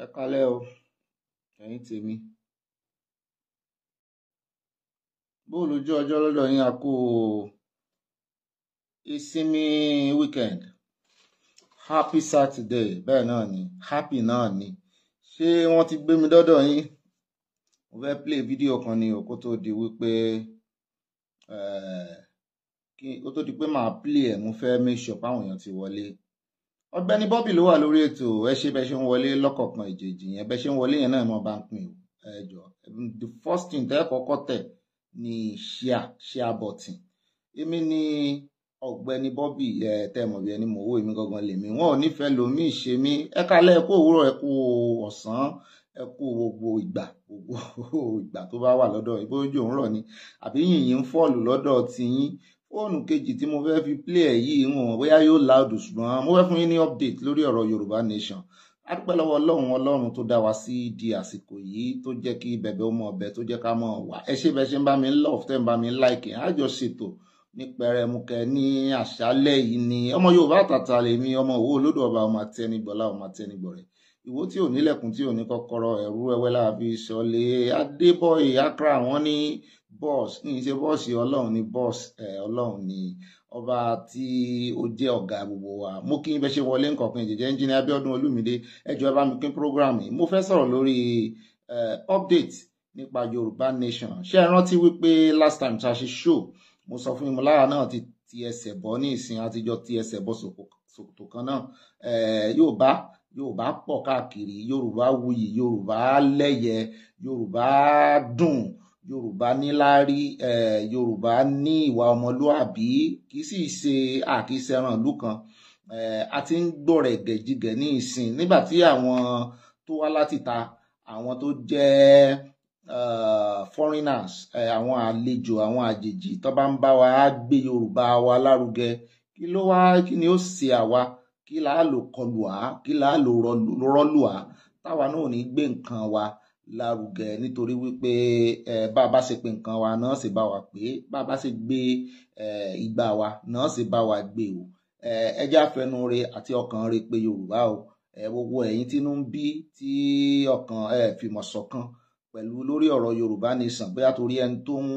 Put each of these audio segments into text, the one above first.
ẹ kálẹ́ o ẹ̀yin tèmi bóò lójú ọjọ́ lọ́dọ̀ yín a ìsinmi weekend happy saturday bẹ́ẹ̀ náà ni happy náà ni ṣé wọ́n ti gbé mi dọ́dọ̀ yín mo fẹ́ play fídíò kan ni òkú tó di wípé eh, kí ó tó di pé màá play ẹ̀ mo fẹ́ make sure páwọn èèyàn ti wọlé ọ̀gbẹ́ni Bobby ló wà lórí ètò ẹ ṣe bẹ ṣe ń wọlé lọ́kọ̀ọ̀kan ìjèjì yẹn bẹ ṣe ń wọlé yẹn náà mo bá ń pín o ẹ um, the first thing tẹ́ kọ́kọ́ tẹ̀ ni share share button èmi ni ọ̀gbẹ́ni Bobby ẹ tẹ́ mọ̀ bí ẹni mò ń wò èmi gangan lèmi wọn ò nífẹ̀ẹ́ lomi ṣe mí ẹ kálẹ̀ ẹ kú òwúrọ̀ ẹ kú ọ̀sán ẹ kú gbogbo ìgbà gbogbo ìgbà tó bá wà lọ́dọ̀ ìbójú òun rọ̀ ni àbí yìnyín ń fọ́ọ̀lù tiyín fóònù kejì tí mo fẹ́ fi play ẹ̀ yìí ń wọ̀n bóyá yóò loud ṣùgbọ́n mo fẹ́ fún yín ní update lórí ọ̀rọ̀ Yorùbá Nation a dúpẹ́ lọ́wọ́ ọlọ́run ọlọ́run tó dá wa sí di àsìkò yìí tó jẹ́ kí bẹ̀bẹ̀ ọmọ ọbẹ̀ tó jẹ́ ká mọ̀ wá ẹ ṣé bẹ́ẹ̀ ṣe ń bá mi love tẹ́ ń bá mi like á jọ ṣètò ní pẹrẹmukẹ ní àṣálẹ́ yìí ni ọmọ Yorùbá àtàtà lèmi ọmọ òwò olódò ọba ọmọ àtẹnigbọlá ọmọ àtẹnigbọrẹ ìwó tí ò nílẹ̀kùn tí ò ní kọ́kọ́rọ́ ẹ̀rú ẹwẹ́ láàbí ìṣọ̀lẹ̀ adébọ̀yì akra wọn ní boss ní ṣe bọ́ọ̀sì ọlọ́run ní boss ọlọ́run ní ọba tí ó jẹ́ ọ̀gá gbogbo wa mo kí n bẹ́ ṣe wọlé nǹkan kan jẹjẹ ẹnjìnìá Abíọ́dún Olúmídé ẹjọ́ ẹ bá mi pín program yìí mo fẹ́ sọ̀rọ̀ lórí update nípa Yorùbá Nation ṣé ẹ rántí wípé last time tá a ṣe show mo sọ fún Ìmúlára náà ti ti ẹsẹ̀ bọ́ ní ìsìn àtijọ́ ti ẹsẹ̀ bọ́ ṣòkòtò kan náà Yorùbá Yorùbá pọ̀ káàkiri Yorùbá wuyì Yorùbá lẹ́yẹ Yorùbá dùn yorùbá níláárí yorùbá ní ìwà ọmọlúàbí kì í sì ṣe àkísẹran ìlú kan a ti ń gbọ̀rẹ̀ gẹ̀jigẹ̀ ní ìsìn nígbà tí àwọn tó wá láti ta àwọn tó jẹ́ foreigners àwọn àlejò àwọn àjèjì tó bá ń bá wa gbé yorùbá wa lárugẹ kí ló wá kí ni ó ṣe àwa kí là á lò kọlù á kí là lò rọlù á táwa náà ò ní gbé nǹkan wa. Lo, lárugẹ nítorí wípé bá a bá ṣe pé nǹkan wa náà sì bá wa pé bá a bá ṣe gbé ìgbà wa náà sì bá wa gbé o ẹ jẹ́ àfẹnu re àti ọkàn re pé Yorùbá o gbogbo ẹ̀yin tínú ń bí tí ọkàn fìmọ̀ ṣọ̀kan pẹ̀lú lórí ọ̀rọ̀ Yorùbá nation bóyá torí ẹni tó ń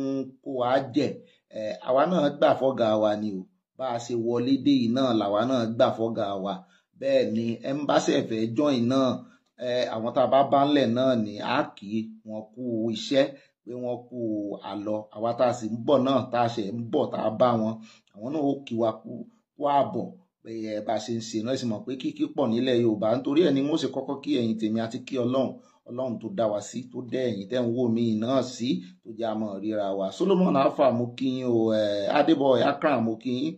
kó wa jẹ àwa náà gbà fọ́gà wa ni o bá a ṣe wọlé dé yìí náà làwa náà gbà fọ́gà wa bẹ́ẹ̀ ni ẹ ń bá ṣẹ̀fẹ̀ join náà àwọn tá a bá bá ńlẹ̀ náà ni a kì í wọn kú iṣẹ́ pé wọn kú àlọ àwa tá a sì ń bọ̀ náà tá a ṣe ń bọ̀ tá a bá wọn àwọn náà ó kí wa kú kú àbọ̀ ẹ bá ṣe ń ṣe náà sì mọ̀ pé kíkí pọ̀ nílẹ̀ Yorùbá nítorí ẹ̀ ni mo ṣe kọ́kọ́ kí ẹ̀yin tèmi àti kí Ọlọ́run Ọlọ́run tó dá wa sí tó dẹ ẹ̀yin tẹ́ ń wò mí náà sí tó jẹ́ àmọ́ ríra wa Solomon Alfa mo kí yín o Adébọ̀yé Akram mo kí yín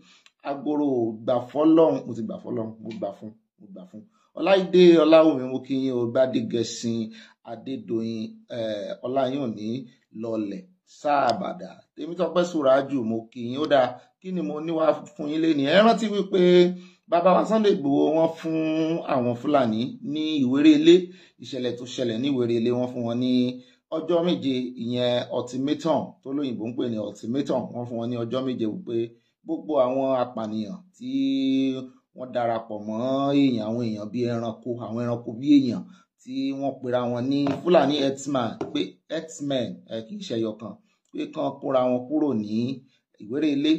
agbóró gbà fọ́lọ́run mo ti gbà fọ́lọ́run mo gbà fún mo gbà fún ọláìdé ọláwùmí mú kí yín o gbádégẹsìn adédọyìn ọláyànní lọlẹ sáàbàdà tèmítọ́pẹ́ sùràjù mú kí yín ó dáa kí ni mo níwá fún yín léni ẹ rántí wípé bàbá wa Sunday Igboho wọn fún àwọn fúlàní ní ìwéré ilé ìṣẹ̀lẹ̀ tó ṣẹlẹ̀ ní ìwéré ilé wọn fún wọn ní ọjọ́ méje ìyẹn ultimatum tó lóyìnbó ń pè ní ultimatum wọn fún wọn ní ọjọ́ méje wípé gbogbo àwọn apànìyàn tí wọ́n darapọ̀ mọ́ èèyàn àwọn èèyàn bíi ẹranko àwọn ẹranko bíi èèyàn tí wọ́n pera wọn ní Fúlàní herdsmen pé herdsmen ẹ kì í ṣẹyọ kan pé kán kóra wọn kúrò ní ìwéré ilé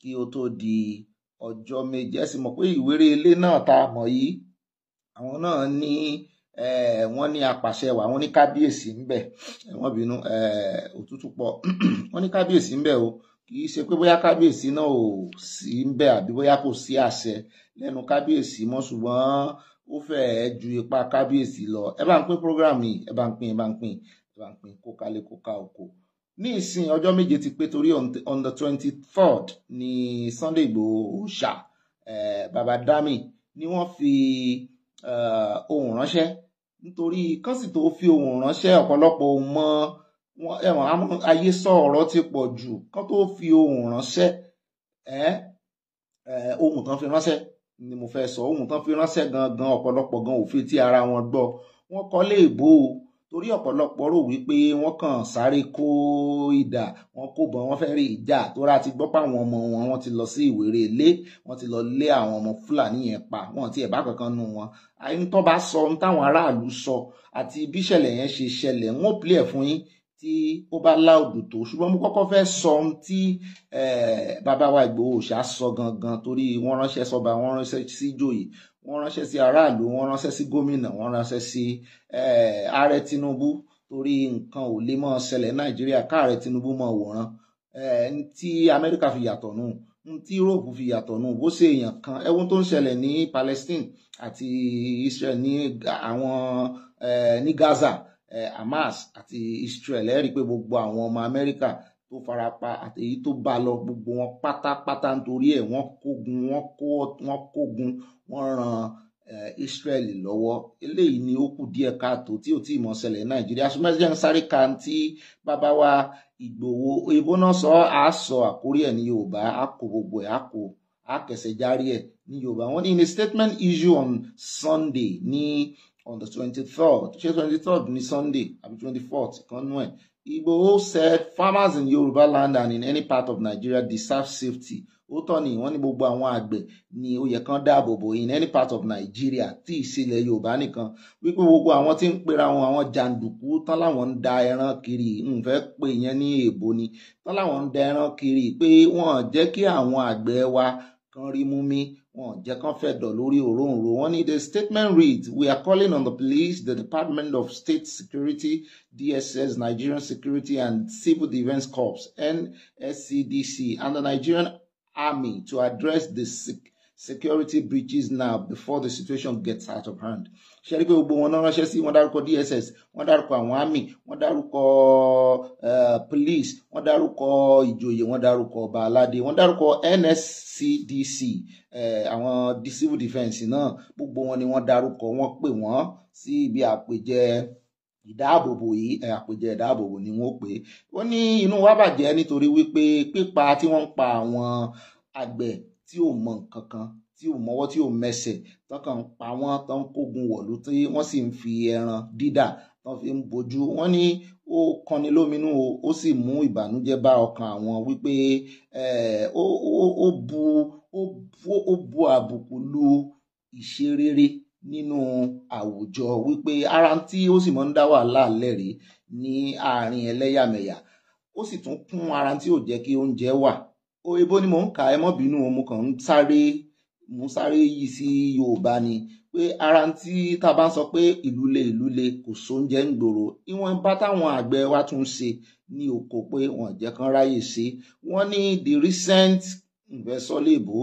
kí ó tó di ọjọ́ méje ẹ sì mọ̀ pé ìwéré ilé náà tá mọ̀ yìí àwọn náà ní wọ́n ní apàṣẹ wà wọ́n ní kábíyèsí ń bẹ wọ́n bínú òtútù pọ̀ wọ́n ní kábíyèsí ń bẹ o kì í ṣe pé bóyá kábíyèsí náà ò sí ń bẹ àbí bóyá kò sí àṣẹ lẹ́nu kábíyèsí mọ́ ṣùgbọ́n ó fẹ́ẹ̀ ju ipa kábíyèsí lọ ẹ bá ń pín program yìí ẹ bá ń pín ẹ bá ń pín ẹ bá ń pín kó kalẹ̀ kó oko ní ìsìn ọjọ́ méje ti pé torí on the twenty third ní Sunday Igboho òòṣà baba Dami ni wọ́n fi ohun ránṣẹ́ nítorí kán sì tó fi ohun ránṣẹ́ ọ̀pọ̀lọpọ̀ ohun mọ́ ẹwọn àwọn ayé sọ ọ̀rọ̀ ti pọ̀ jù kán tó fi ohun ránṣẹ́ ohun tán fi ránṣẹ́ ni mo fẹ́ sọ ohun tán fi ránṣẹ́ gangan ọ̀pọ̀lọpọ̀ gan òfin tí ara wọn gbọ́ wọ́n kọ lè bó o torí ọ̀pọ̀lọpọ̀ rò wípé wọ́n kàn sáré kó ìdà wọ́n kó bọn wọ́n fẹ́ẹ́ rí ìjà tó ra ti gbọ́ páwọn ọmọ wọn wọ́n ti lọ sí ìwéré ilé wọ́n ti lọ lé àwọn ọmọ fúlàní yẹn pa wọ́n ti ẹ̀bá kankan nù wọn àyíntọ́ bá sọ ohun táwọn aráàlú sọ àti bí ìṣẹ̀lẹ̀ yẹn ṣe ṣẹlẹ̀ ń ó pilẹ̀ fún yín tí ó bá láòdù tó ṣùgbọ́n mo kọ́kọ́ fẹ́ sọ ohun tí bàbá wa Ìgbòho ṣá sọ gangan torí wọ́n ránṣẹ́ sọba wọ́n ránṣẹ́ sí ìjòyè wọ́n ránṣẹ́ sí aráàlú wọ́n ránṣẹ́ sí gómìnà wọ́n ránṣẹ́ sí ààrẹ Tinubu torí nǹkan ò lè máa ṣẹlẹ̀ Nàìjíríà káàrẹ Tinubu máa wòran n tí Amẹ́ríkà fi yàtọ̀ nù n tí Europe fi yàtọ̀ nù bó ṣe èèyàn kan ẹ̀wọ̀n tó ń ṣẹlẹ̀ ní Palestine àti Israel ní àwọn ní Gaza Hamas àti Israel ẹ rí i pé gbogbo àwọn ọmọ Amẹ́ríkà tó farapa àti èyí tó bá lọ gbogbo wọn pátápátá nítorí ẹ̀ wọ́n kógun wọ́n kó wọ́n kógun wọ́n ran Israel lọ́wọ́ eléyìí ni ó kù díẹ̀ káàtó tí ò tí ì mọ̀ ṣẹlẹ̀ Nàìjíríà ṣùgbọ́n ń sáré kan tí bàbá wa Ìgbòho èbó náà sọ á sọ àkórí ẹ̀ ní Yorùbá á kó gbogbo ẹ̀ á kó á kẹsẹ̀ járí ẹ̀ ní Yorùbá wọ́n ní in a statement issue on Sunday ní. Ni on the 23rd. She 23rd ni Sunday, I mean 24th, Conway. Igboho said farmers in Yoruba land and in any part of Nigeria deserve safety. Ó tọ́ ni wọ́n ní gbogbo àwọn àgbẹ̀ ni ó yẹ kán dáàbò in any part of Nigeria tí ìṣẹ̀lẹ̀ Yorùbá nìkan wípé gbogbo àwọn tí ń pera wọn àwọn jàǹdùkú tán láwọn da ẹran kiri nfẹ́ pé ìyẹn ní èèbó ni tán láwọn ń da ẹran kiri pé wọ́n jẹ́ kí àwọn àgbẹ̀ wa kan rí mú wọn jẹ́ kán fẹ́ dọ̀ lórí òróǹro wọn ní the statement reads we are calling on the police the department of state security dss nigerian security and civil defence corps nscdc and the nigerian army to address the security breaches now before the situation gets out of hand ṣe rí pé gbogbo wọn náà ránṣẹ́ sí wọ́n dárúkọ dss wọ́n dárúkọ àwọn army wọ́n dárúkọ eh, police wọ́n dárúkọ ìjòyè wọ́n dárúkọ ọba aládé wọ́n dárúkọ nscdc eh, àwọn civil defence náà gbogbo wọn ni wọ́n dárúkọ wọ́n pè wọ́n sí ibi àpèjẹ ìdáàbòbò yìí eh, àpèjẹ ìdáàbòbò ni wọ́n pè é wọ́n ní inú wa bàjẹ́ nítorí wípé pípa tí wọ́n ń pa àwọn àgbẹ̀ tí ò mọ nǹkan kan tí ò mọwọ́ tí ò mẹsẹ̀ tán kàn ń pa wọ́n tán ń kógun wọ̀lú tí wọ́n sì ń fi ẹran dídà tán fi ń bojú wọ́n ní ó kọni lóminú o ó sì mú ìbànújẹ́ bá ọkàn àwọn wípé ó bu ó bu àbùkù lu ìṣe rere nínú àwùjọ wípé ara tí ó sì máa ń dá wàhálà lẹ́rìí ní àárín ẹlẹ́yàmẹ̀yà ó sì tún kún ara tí ò jẹ́ kí oúnjẹ wà ebo ni mò ń kà ẹ mo kàn ń sáré mo sáré yìí sí Yorùbá ni pé ara tí tá a bá ń sọ pé ìlú le ìlú le kò sóúnjẹ ń gbòòrò ìwọ̀n bá táwọn àgbẹ̀ wa tún ṣe ní oko pé wọn jẹ́ kán ráyè ṣe wọ́n ní the recent investor lebo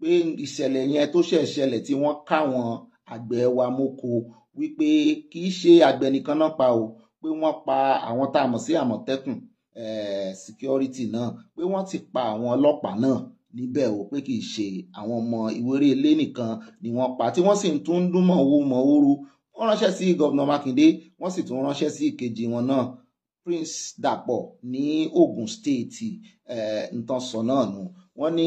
pé ìṣẹ̀lẹ̀ yẹn tó ṣẹ̀ ṣẹlẹ̀ tí wọ́n káwọn àgbẹ̀ wa mọ́kò wípé kì í ṣe àgbẹ̀ nìkan náà pa o pé wọ́n pa àwọn tá a mọ̀ sí àmọ̀tẹ́kùn Eh, security náà pé wọ́n ti pa àwọn ọlọ́pàá náà níbẹ̀ ò pé kì í ṣe àwọn ọmọ ìwéré ilé nìkan ni wọ́n pa tí wọ́n sì ń tún dún mọ́ owó mọ́ ooru wọ́n ránṣẹ́ sí gọ́vnà Mákindé wọ́n sì tún ránṣẹ́ sí ìkejì wọn náà Prince Dàpọ̀ ní Ogun State nǹkan eh, sọ náà nù wọ́n ní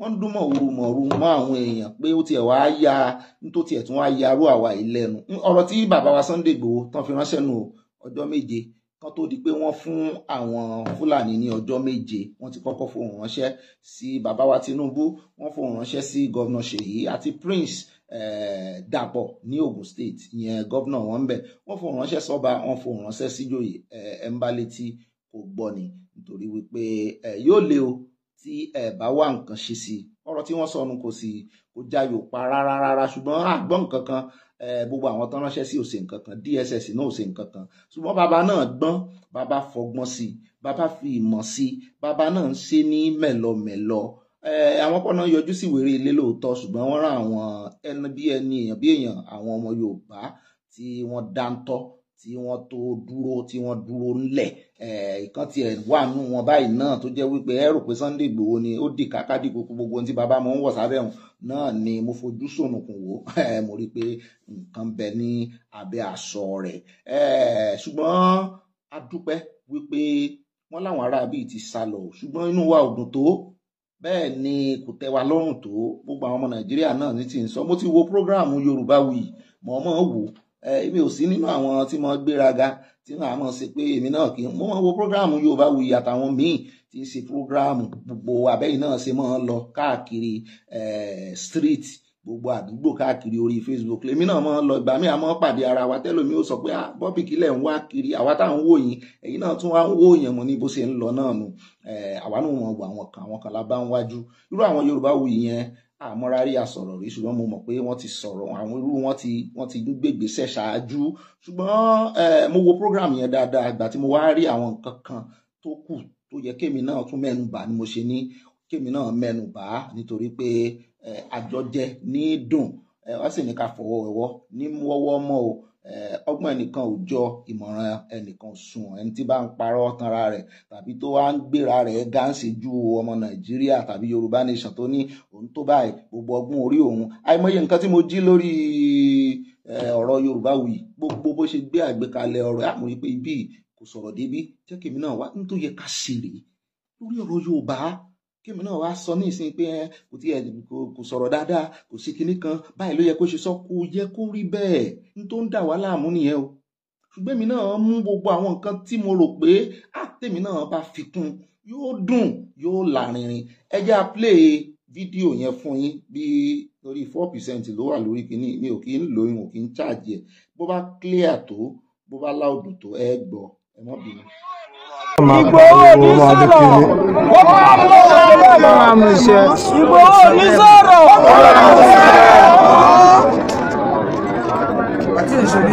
wọ́n ń dún mọ́ ooru mọ́ ooru mọ́ àwọn èèyàn pé ó tiẹ̀ wáá ya nítorí tiẹ̀ tún wáá yarú àwa ìlẹ́nu ọ̀rọ̀ tí bàbá wa Sunday Igboho tán fi ránṣẹ́ nù ọjọ́ méje kan tó di pé wọ́n fún àwọn fúlàní ní ọjọ́ méje wọ́n ti kọ́kọ́ fohùn ránṣẹ́ sí bàbá wa tinubu wọ́n fohùn ránṣẹ́ sí gọ́vnà ṣèyí àti prince eh, dàpọ̀ ní ogun state ìyẹn gọ́vnà wọn ń bẹ̀ wọ́n fohùn ránṣẹ́ sọ́ba wọ́n fohùn ránṣẹ́ síjòyè ẹ̀ ń bá létí kò gbọ́ ni nítorí wípé eh, yóò lé o tí ẹ bá wá nǹkan ṣe sí ọ̀rọ̀ tí wọ́n sọnù kò sí kò jayò pa rárá rárá ṣùgbọ́n àgbọn nǹkan gbogbo àwọn tó ránṣẹ́ sí ò ṣe DSS náà ò ṣe nǹkan kan ṣùgbọ́n bàbá náà gbọ́n bàbá fọgbọ́n sí i bàbá fi ìmọ̀ sí i bàbá náà ń ṣe ní mẹ̀lọmẹ̀lọ àwọn kan náà yọjú sí wèrè ilé lóòótọ́ ṣùgbọ́n wọ́n rán àwọn ẹni bí ẹni èèyàn bí èèyàn àwọn ọmọ Yorùbá tí wọ́n dáńtọ́ tí wọ́n tó dúró tí wọ́n dúró ńlẹ̀ ìkan tiẹ̀ wà nù wọn báyìí náà tó jẹ́ wípé ẹ rò pé Sunday Igboho ni ó dì káká dì kókó gbogbo ohun tí bàbá mo ń wọ̀ sábẹ́ òun náà ni mo fojú sònùkùn wò mo rí i pé nǹkan bẹ ní abẹ́ aṣọ rẹ̀ ṣùgbọ́n a dúpẹ́ wípé wọ́n láwọn ará bíi ti sá lọ ṣùgbọ́n inú wa ò dùn tó bẹ́ẹ̀ ni kò tẹ́ wa lọ́rùn tó gbogbo àwọn ọmọ Nàìjíríà náà ní ti ń sọ mo ti wo prógráàmù Yorùbá Wuyì mọ̀ọ́mọ́ wò èmi ò sí nínú àwọn tí mo gbéraga tí wọn àmọ́ ṣe pé èmi náà kì í mo máa wo programu Yorùbá Wuyi àtàwọn míì tí ń ṣe programu gbogbo abẹ́yìn náà ṣe máa ń lọ káàkiri street gbogbo àdúgbò káàkiri orí Facebook lèmi náà máa ń lọ ìgbà míì àmọ́ pàdé ara wa tẹ́lòmí ó sọ pé ah, bọ́bì kílẹ̀ ń wá kiri àwa tá à ń wò yín ẹ̀yin náà tún wá ń wò yẹn mo ní bó ṣe ń lọ náà nù àwa náà mọ̀ wọ àwọn kan àwọn kan la bá ń wájú irú àwọn Yorùbá Wuyi yẹn àmọ́rárí àsọ̀rọ̀ rí ṣùgbọ́n mo mọ̀ pé wọ́n ti sọ̀rọ̀ àwọn irú wọn ti wọ́n ti gbégbèsẹ̀ ṣáájú ṣùgbọ́n mo wo program yẹn dáadáa àgbà tí mo wá rí àwọn nǹkan kan tó kù tó yẹ kémi náà tún mẹ́nu bà ni mo ṣe ní kémi náà mẹ́nu bà nítorí pé àjọjẹ ní dùn wọ́n sì ní ká fọwọ́ ẹ̀wọ́ ní wọ́wọ́ mọ́ o Eh, ọgbọ́n ẹnìkan ò jọ ìmọ̀ràn ẹnìkan sùn ẹni tí bá ń parọ́ tanra rẹ̀ tàbí tó wá ń gbéra rẹ̀ gáǹsì ju ọmọ nàìjíríà tàbí yorùbá nation tó ní òun tó báyìí gbogbo ọgbọ́n orí òun àìmọye nǹkan tí mo jí lórí eh, ọ̀rọ̀ yorùbá wì gbogbo bó ṣe gbé àgbékalẹ̀ ọ̀rọ̀ àmọ́ wípé ibi kò sọ̀rọ̀ débi jẹ́ náà wá ní tó yẹ ká ṣe lórí ọ̀rọ̀ yorùbá kíni náà wàá sọ ní ìsìn pé kò tiẹ̀ kò sọ̀rọ̀ dáadáa kò sí kinní kan báyìí ló yẹ kó ṣe sọ kò yẹ kó rí bẹ́ẹ̀ n tó ń dà wá láàmú nìyẹn o ṣùgbọ́n èmi náà mú gbogbo àwọn nǹkan tí mo rò pé àtẹ̀mí náà bá fi kún yóò dùn yóò lárinrin ẹ jẹ́ a play fídíò yẹn fún yín bí lórí four percent ló wà lórí kinní mi ò kì í lò ó kì í charge ẹ̀ bó bá clear tó bó bá láòdù tó ẹ gbọ́ ẹ má bínú. Ìgbòho ní sọ̀rọ̀. Ó máa mú iṣẹ́. Ìgbòho ní sọ̀rọ̀.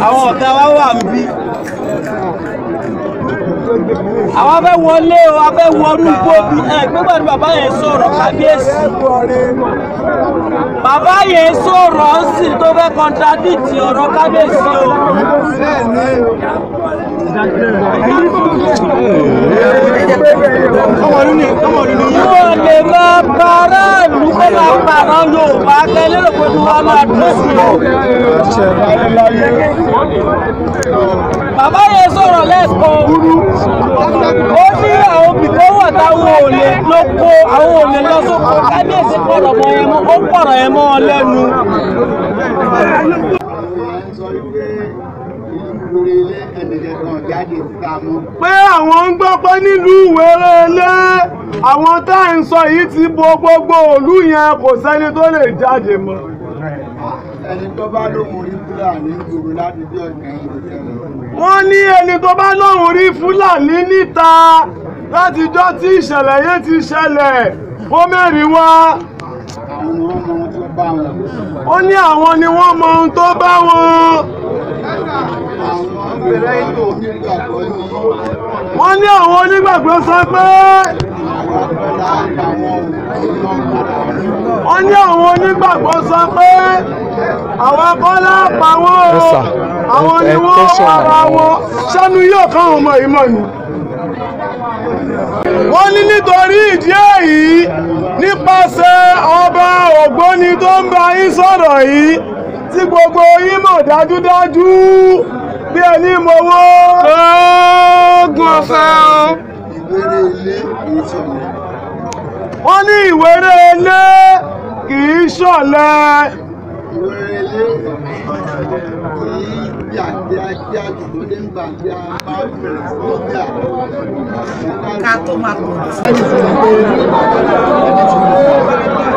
Àwọn ọ̀gá wa wà ń bí. Àwọn afẹ́ wọlé o, afẹ́ wọnú gbòbí ẹ̀ gbégbà ni bàbá yẹn sọ̀rọ̀ kábíyèsí. Bàbá yẹn sọ̀rọ̀ ń sì tó fẹ́ kọ́ńtradìtì ọ̀rọ̀ kábíyèsí o mo lè máa bára ìlú kó máa pa àwọn Yorùbá tẹ́lẹ̀ lóko tí wọ́n máa dúró sí i. bàbá yẹn sọ̀rọ̀ lẹ́ẹ̀kan ó ní àwọn bìkọ́ wà táwọn ò lè lóko àwọn ò lè lọ sóko kábíyèsí pọ̀rọ̀ mọ́ ẹ mọ́ ó pọ̀rọ̀ ẹ mọ́ ọ lẹ́nu lórí ilé ẹnìkẹ́kan jáde síta mọ́. pé àwọn ń gbọ́ pé nílùú Ìwéré-Ilé àwọn tá à ń sọ yìí ti bo gbogbo òlú yẹn kò sẹ́ni tó lè jáde mọ́. ẹni tó bá lóun rí Fúlàní gbòòrò láti bí ọ̀gá wọ́n ní ẹni tó bá lóun rí Fúlàní níta látijọ́ tí ìṣẹ̀lẹ̀ yẹn ti ṣẹlẹ̀ ó mẹ́rin wá ó ní àwọn ni wọ́n mọ ohun tó bá wọn. wọ́n ní àwọn onígbàgbọ́ sọ pé wọ́n ní àwọn onígbàgbọ́ sọ pé àwọn akọ́lá pa wọ́n àwọn ni wọ́n para wọn sẹ́nu yóò káwọn ọmọ yìí mọ̀ ni. wọ́n ní nítorí ìdí èyí nípasẹ̀ ọba ògbóni tó ń bá yín sọ̀rọ̀ yìí. tí gbogbo yín mọ̀ dájúdájú bí ẹni mọ̀wó. oògùn ọ̀fẹ́ o. ìwéré ilé èyí tí ní ìwéré ilé kì í ṣọ̀lẹ. ìwéré ilé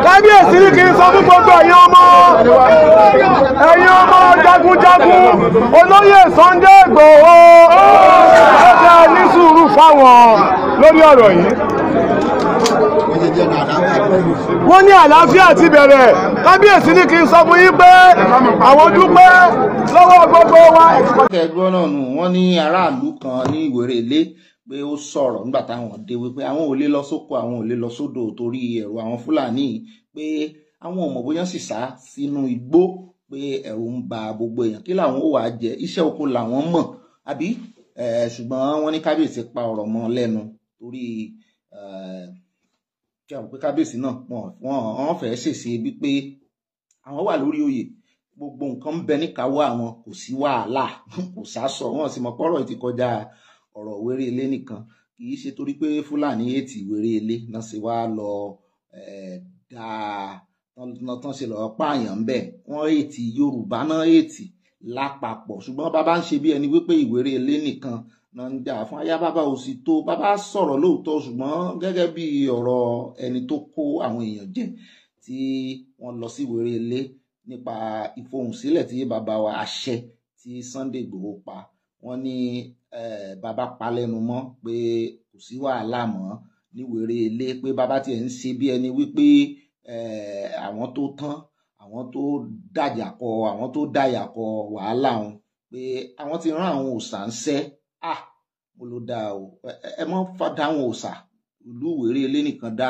kábíyèsí ní kí n sọ fún gbogbo ẹ̀yin ọmọ ẹ̀yin ọmọ jagunjagun olóyè Sunday Igboho ẹ̀ka ní sùúrù fáwọn lórí ọ̀rọ̀ yìí wọ́n ní àlàáfíà ti bẹ̀rẹ̀ kábíyèsí ní kí n sọ fún yín pé àwọn dúpẹ́ lọ́wọ́ gbogbo wa. wọ́n ní aráàlú kan ní ìwéré ilé pé ó sọ̀rọ̀ nígbà táwọn dé wípé àwọn ò lè lọ sóko àwọn ò lè lọ sódò torí ẹ̀rù àwọn Fúlàní pé àwọn ọmọ bóyá sì sá sínú igbó pé ẹ̀rù ń ba gbogbo èèyàn kí làwọn ò wá jẹ iṣẹ́ oko làwọn mọ̀ àbí ṣùgbọ́n wọ́n ní kábíyèsí pa ọ̀rọ̀ mọ́ lẹ́nu torí ṣe àwọn pé kábíyèsí náà wọ́n fẹ́ ṣèṣe bí pé àwọn wà lórí oyè gbogbo nǹkan ń bẹ níkàáwọ́ àwọn kò sí wàhálà kò sá sọ sì mọ̀ pọ́rọ̀ ti ọ̀rọ̀ wéré ilé nìkan kì í ṣe torí pé fúlàní ètì wéré ilé náà ṣe wá lọ dáa tán ṣe lọ́ọ́ pààyàn ń bẹ̀ wọ́n ètì yorùbá náà ètì lápapọ̀ ṣùgbọ́n bàbá ń ṣe bí ẹni wípé ìwéré ilé nìkan náà ń dà fún aya bàbá òsì tó bàbá sọ̀rọ̀ lóòótọ́ ṣùgbọ́n gẹ́gẹ́ bí ọ̀rọ̀ ẹni tó kó àwọn èèyàn jẹ tí wọ́n lọ sí ìwéré ilé nípa ìfohùnsílẹ̀ tí bàbá wa àṣẹ tí Sunday Igboho pa wọ́n ní bàbá palẹ́nu mọ́ pé kò sí wàhálà mọ́ níwèrè ilé pé bàbá tiẹ̀ ń ṣe bí ẹni wípé àwọn tó tán àwọn tó dàjàkọ àwọn tó dàyàkọ wàhálà wọn pé àwọn ti rán àwọn òòṣà ń ṣẹ́ à mo ló dáa o ẹ mọ́ dá àwọn òòṣà ìlú ìwéré ilé nìkan dá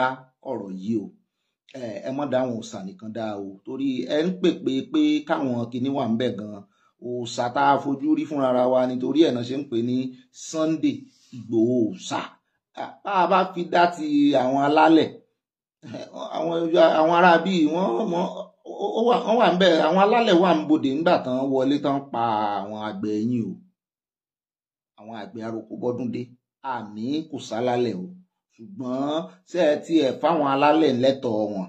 ọ̀rọ̀ yìí o ẹ mọ́ dá àwọn òòṣà nìkan dá o torí ẹ ń pèpè pé káwọn kinní wà ń bẹ̀ gan òòṣà tá a fojú rí fúnra wa nítorí ẹ̀ ṣe ń pè ní Sunday Ìgbòho òòṣà bá a bá fi dá ti àwọn alálẹ̀ àwọn ará bíi wọ́n wọ́n wà ń bẹ̀ àwọn alálẹ̀ wà ń bodè ńgbà tán wọlé tán pa àwọn àgbẹ̀ ẹ̀yìn o àwọn àgbẹ̀ aroko bọ́dún àmì kò sálálẹ̀ o ṣùgbọ́n ṣé ẹ tiẹ̀ fáwọn alálẹ̀ lẹ́tọ̀ọ́ wọn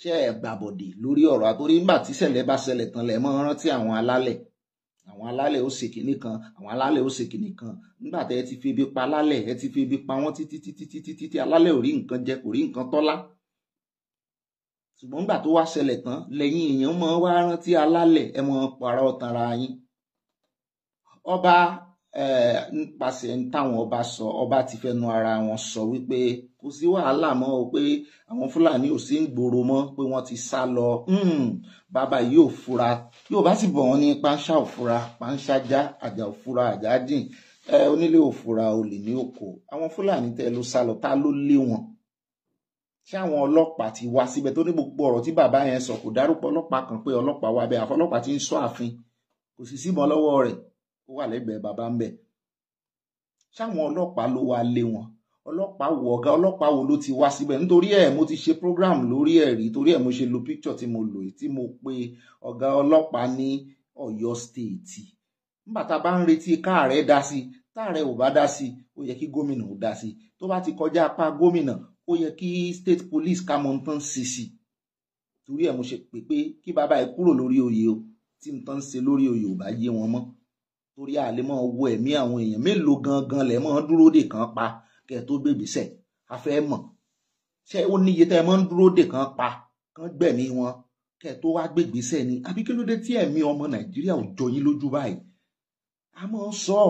ṣé ẹ gbàbọ̀dè lórí ọ̀rọ̀ àtòrí nígbà tí ṣẹlẹ̀ bá ṣẹlẹ̀ tán lẹ̀ mọ́ rántí àwọn alálẹ̀ àwọn alálẹ̀ ó ṣe kìnnì kan àwọn alálẹ̀ ó ṣe kìnnì kan nígbà tẹ́ ẹ ti fi ebi pa alálẹ̀ ẹ ti fi ebi pa wọ́n títí títí títí títí alálẹ̀ ò rí nǹkan jẹ kò rí nǹkan tọ́lá ṣùgbọ́n nígbà tó wá ṣẹlẹ̀ tán lẹ́yìn èèyàn mọ́ wá rántí alálẹ̀ ẹ mọ́ para ọ̀tàn ra yín ọba nípasẹ̀ táwọn ọba sọ ọba ti fẹ́ nu ara wọn sọ wípé kò sí wàhálà mọ́ o pé àwọn fúlàní ò sí ń gbòòrò mọ́ pé wọ́n ti sá lọ hmm, bàbá yìí ò fura yóò bá sì bọ̀ wọ́n ní páńṣá ò fura páńṣá já àjà ò fura àjà dìn ẹ onílé ò fura olè ní oko àwọn fúlàní tẹ ló sá lọ ta ló lé wọn ṣé àwọn ọlọ́pàá ti wá síbẹ̀ tó ní gbogbo ọ̀rọ̀ tí bàbá yẹn sọ kò dárúkọ ọlọ́pàá kan pé ọlọ́pàá wá bẹ́ẹ̀ àfọlọ́pàá ti ń sọ ààfin kò sì síbọn lọ́wọ́ rẹ̀ ó wà lẹ́gbẹ̀ẹ́ bàbá ń bẹ̀ ṣáwọn ọlọ́pàá ló wá lé wọn ọlọ́pàá wo ọ̀gá ọlọ́pàá wo ló ti wá síbẹ̀ nítorí ẹ̀ mo ti ṣe program lórí ẹ̀ rí torí ẹ̀ mo ṣe lo picture tí mo lò tí mo pe ọ̀gá ọlọ́pàá ní Ọ̀yọ́ state nígbà tá a bá ń retí káàrẹ̀ dá sí táàrẹ̀ ò bá dá sí ó yẹ kí gómìnà ó dá sí tó bá ti kọjá apá gómìnà ó yẹ kí state police ká mọ nǹkan sí sí torí ẹ̀ mo ṣe pè pé kí bàbá ẹ kúrò lórí oyè o tí nǹkan ṣe lórí oyè ò bá yé wọn mọ́ torí àlemọ́ wo ẹ̀mí àwọn èèyàn mélòó gangan lẹ̀ mọ́ dúró dè kan pa kẹ́ ẹ tó gbègbè sẹ̀ a fẹ́ mọ̀ ṣé ó níye tẹ́ ẹ ń dúró dè kan pa kan gbẹ̀mí wọn kẹ́ tó wá gbègbè sẹ̀ ni àbí kí ló dé tí ẹ̀mí ọmọ nàìjíríà ò jọ yín lójú báyìí a mọ̀ ń sọ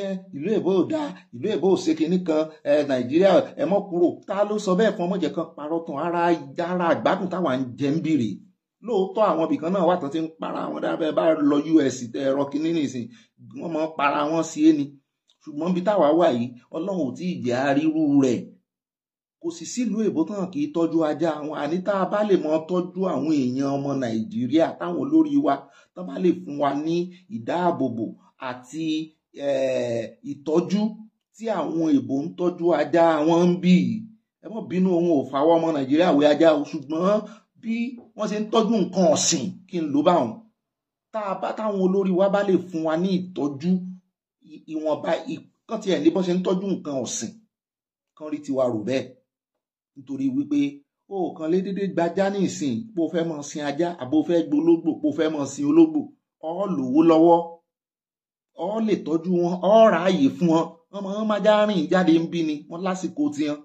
ẹ ìlú èbó ò dáa ìlú èbó ò ṣe kinní kan ẹ nàìjíríà ẹ mọ́ kúrò ta ló sọ bẹ́ẹ̀ fún ọmọjẹ kan parọ́ tán ara ara àgbádùn táwa ń jẹ ń bìrì lóòótọ́ àwọn ibìkan náà wà tán ti ń para wọn dábẹ́ bá lọ us ẹ̀rọ kinní nìsín wọ́n mọ̀ para wọn sí ẹni ṣùgbọ́n bí táwa wà yìí ọlọ́run ò tí ì jẹ́ àrírú rẹ̀ kò sì sílùú èbó tán kì í tọ́jú ajá àwọn àní tá a bá lè mọ tọ́jú àwọn èèyàn ọmọ nàìjíríà táwọn olórí wa tán bá lè fún wa ní ìdáàbòbò àti ìtọ́jú tí àwọn èbó ń tọ́jú ajá wọn ń bì í bínú òun ò fàwọ́ ọmọ nàìjíríà wé ajá o ṣùgbọ́n bí wọ́n ṣe ń tọ́jú nǹkan ọ̀sìn kí n ló bá wọn tá a bá táwọn olórí wa bá lè fún wa ní ìtọ́jú ìwọ̀nba kán tiẹ̀ ní bọ́n ṣe ń tọ́jú nǹkan ọ̀sìn kán rí tiwa rò bẹ́ẹ̀ nítorí wípé o kàn lé dédé gbajá ní ìsìn bó fẹ́ mọ̀ sin ajá àbó fẹ́ gbológbò bó fẹ́ mọ̀ sin ológbò ọ lówó lọ́wọ́ ọ lè tọ́jú wọn ọ ráàyè fún wọn wọn máa ń má já rìn jáde ń bí ni wọn lásìkò tiwọn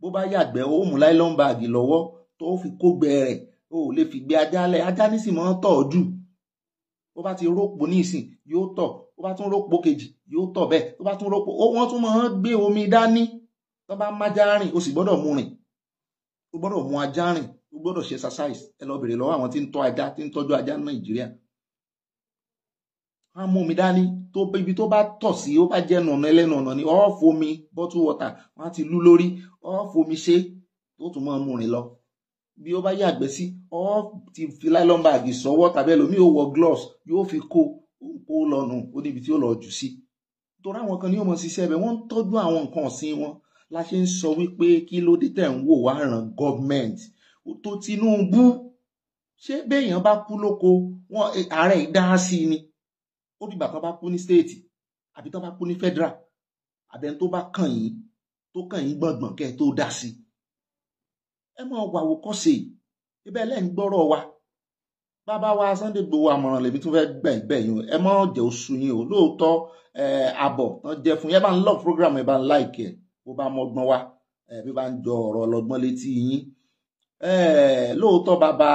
bó bá yàgbẹ́ ó mú láìlọ́n báàgì lọ́wọ́ tó fi kógbẹ rẹ̀ o lè fi gbé ajá lẹ̀ ajá nísìn máa ń tọ̀ jù bó bá ti rópò ní ìsìn yóò tọ̀ tó bá tún rópò kejì yóò tọ̀ bẹ́ẹ̀ tó bá tún rópò wọ́n tún máa ń gbé omi dání tó bá májá rìn o sì gbọ́dọ̀ mu rìn o gbọ́dọ̀ mu ajá rìn o gbọ́dọ̀ ṣe exercise ẹ lọ bèrè lọ́wọ́ àwọn tí ń tọ́ ajá tí ń tọ́jú ajá ní Nàìjíríà wọ́n á mú omi dání tó ibi tó bá tọ̀ sí ó bá jẹ́ nànà ẹlẹ́nu ọ̀nà ni ọ́ fomi bottle water wọ́n á ti lú lórí ọ́ fomi ṣe tó tún máa mú rìn lọ bí ó bá yàgbẹ́ sí ọ́ ti fi láìlọ́mbàgì sọ́wọ́ tàbí ẹlòmíì ó wọ gloves yóò fi kó o kó lọ́nu ó débi tí ó lọ jù sí torí àwọn kan ní ó mọ ṣiṣẹ́ ẹbẹ̀ wọ́n ń tọ́jú àwọn nǹkan ọ̀sìn wọn la ṣe ń sọ wípé kí ló dé tẹ̀ ń wò wá ràn gọ́ọ̀mẹ̀ntì tó Tinubu ṣé béèyàn bá kú lóko wọn e, ààrẹ ìdá sí ni ó dìgbà kan bá kú ní stéètì àbí tó bá kú ní federal àbẹ̀ni tó bá kàn yín tó kàn yín gbọ̀ngbọ̀n kẹ́ ẹ tó dá sí ẹ mọ̀ wàwò kọ́sẹ̀ ibẹ̀ lẹ́ ń gbọ́rọ̀ wa bàbá wa Sunday Igboho àmọ̀ràn lèmi tún fẹ́ gbẹ̀ gbẹ̀ yín o ẹ má jẹ́ oṣù yín o lóòótọ́ àbọ̀ tán jẹ́ fún yẹn bá ń love program ẹ bá ń like ẹ bó bá mọ́gbọ́n wá bí bá ń jọ ọ̀rọ̀ ọlọ́gbọ́n létí yín lóòótọ́ bàbá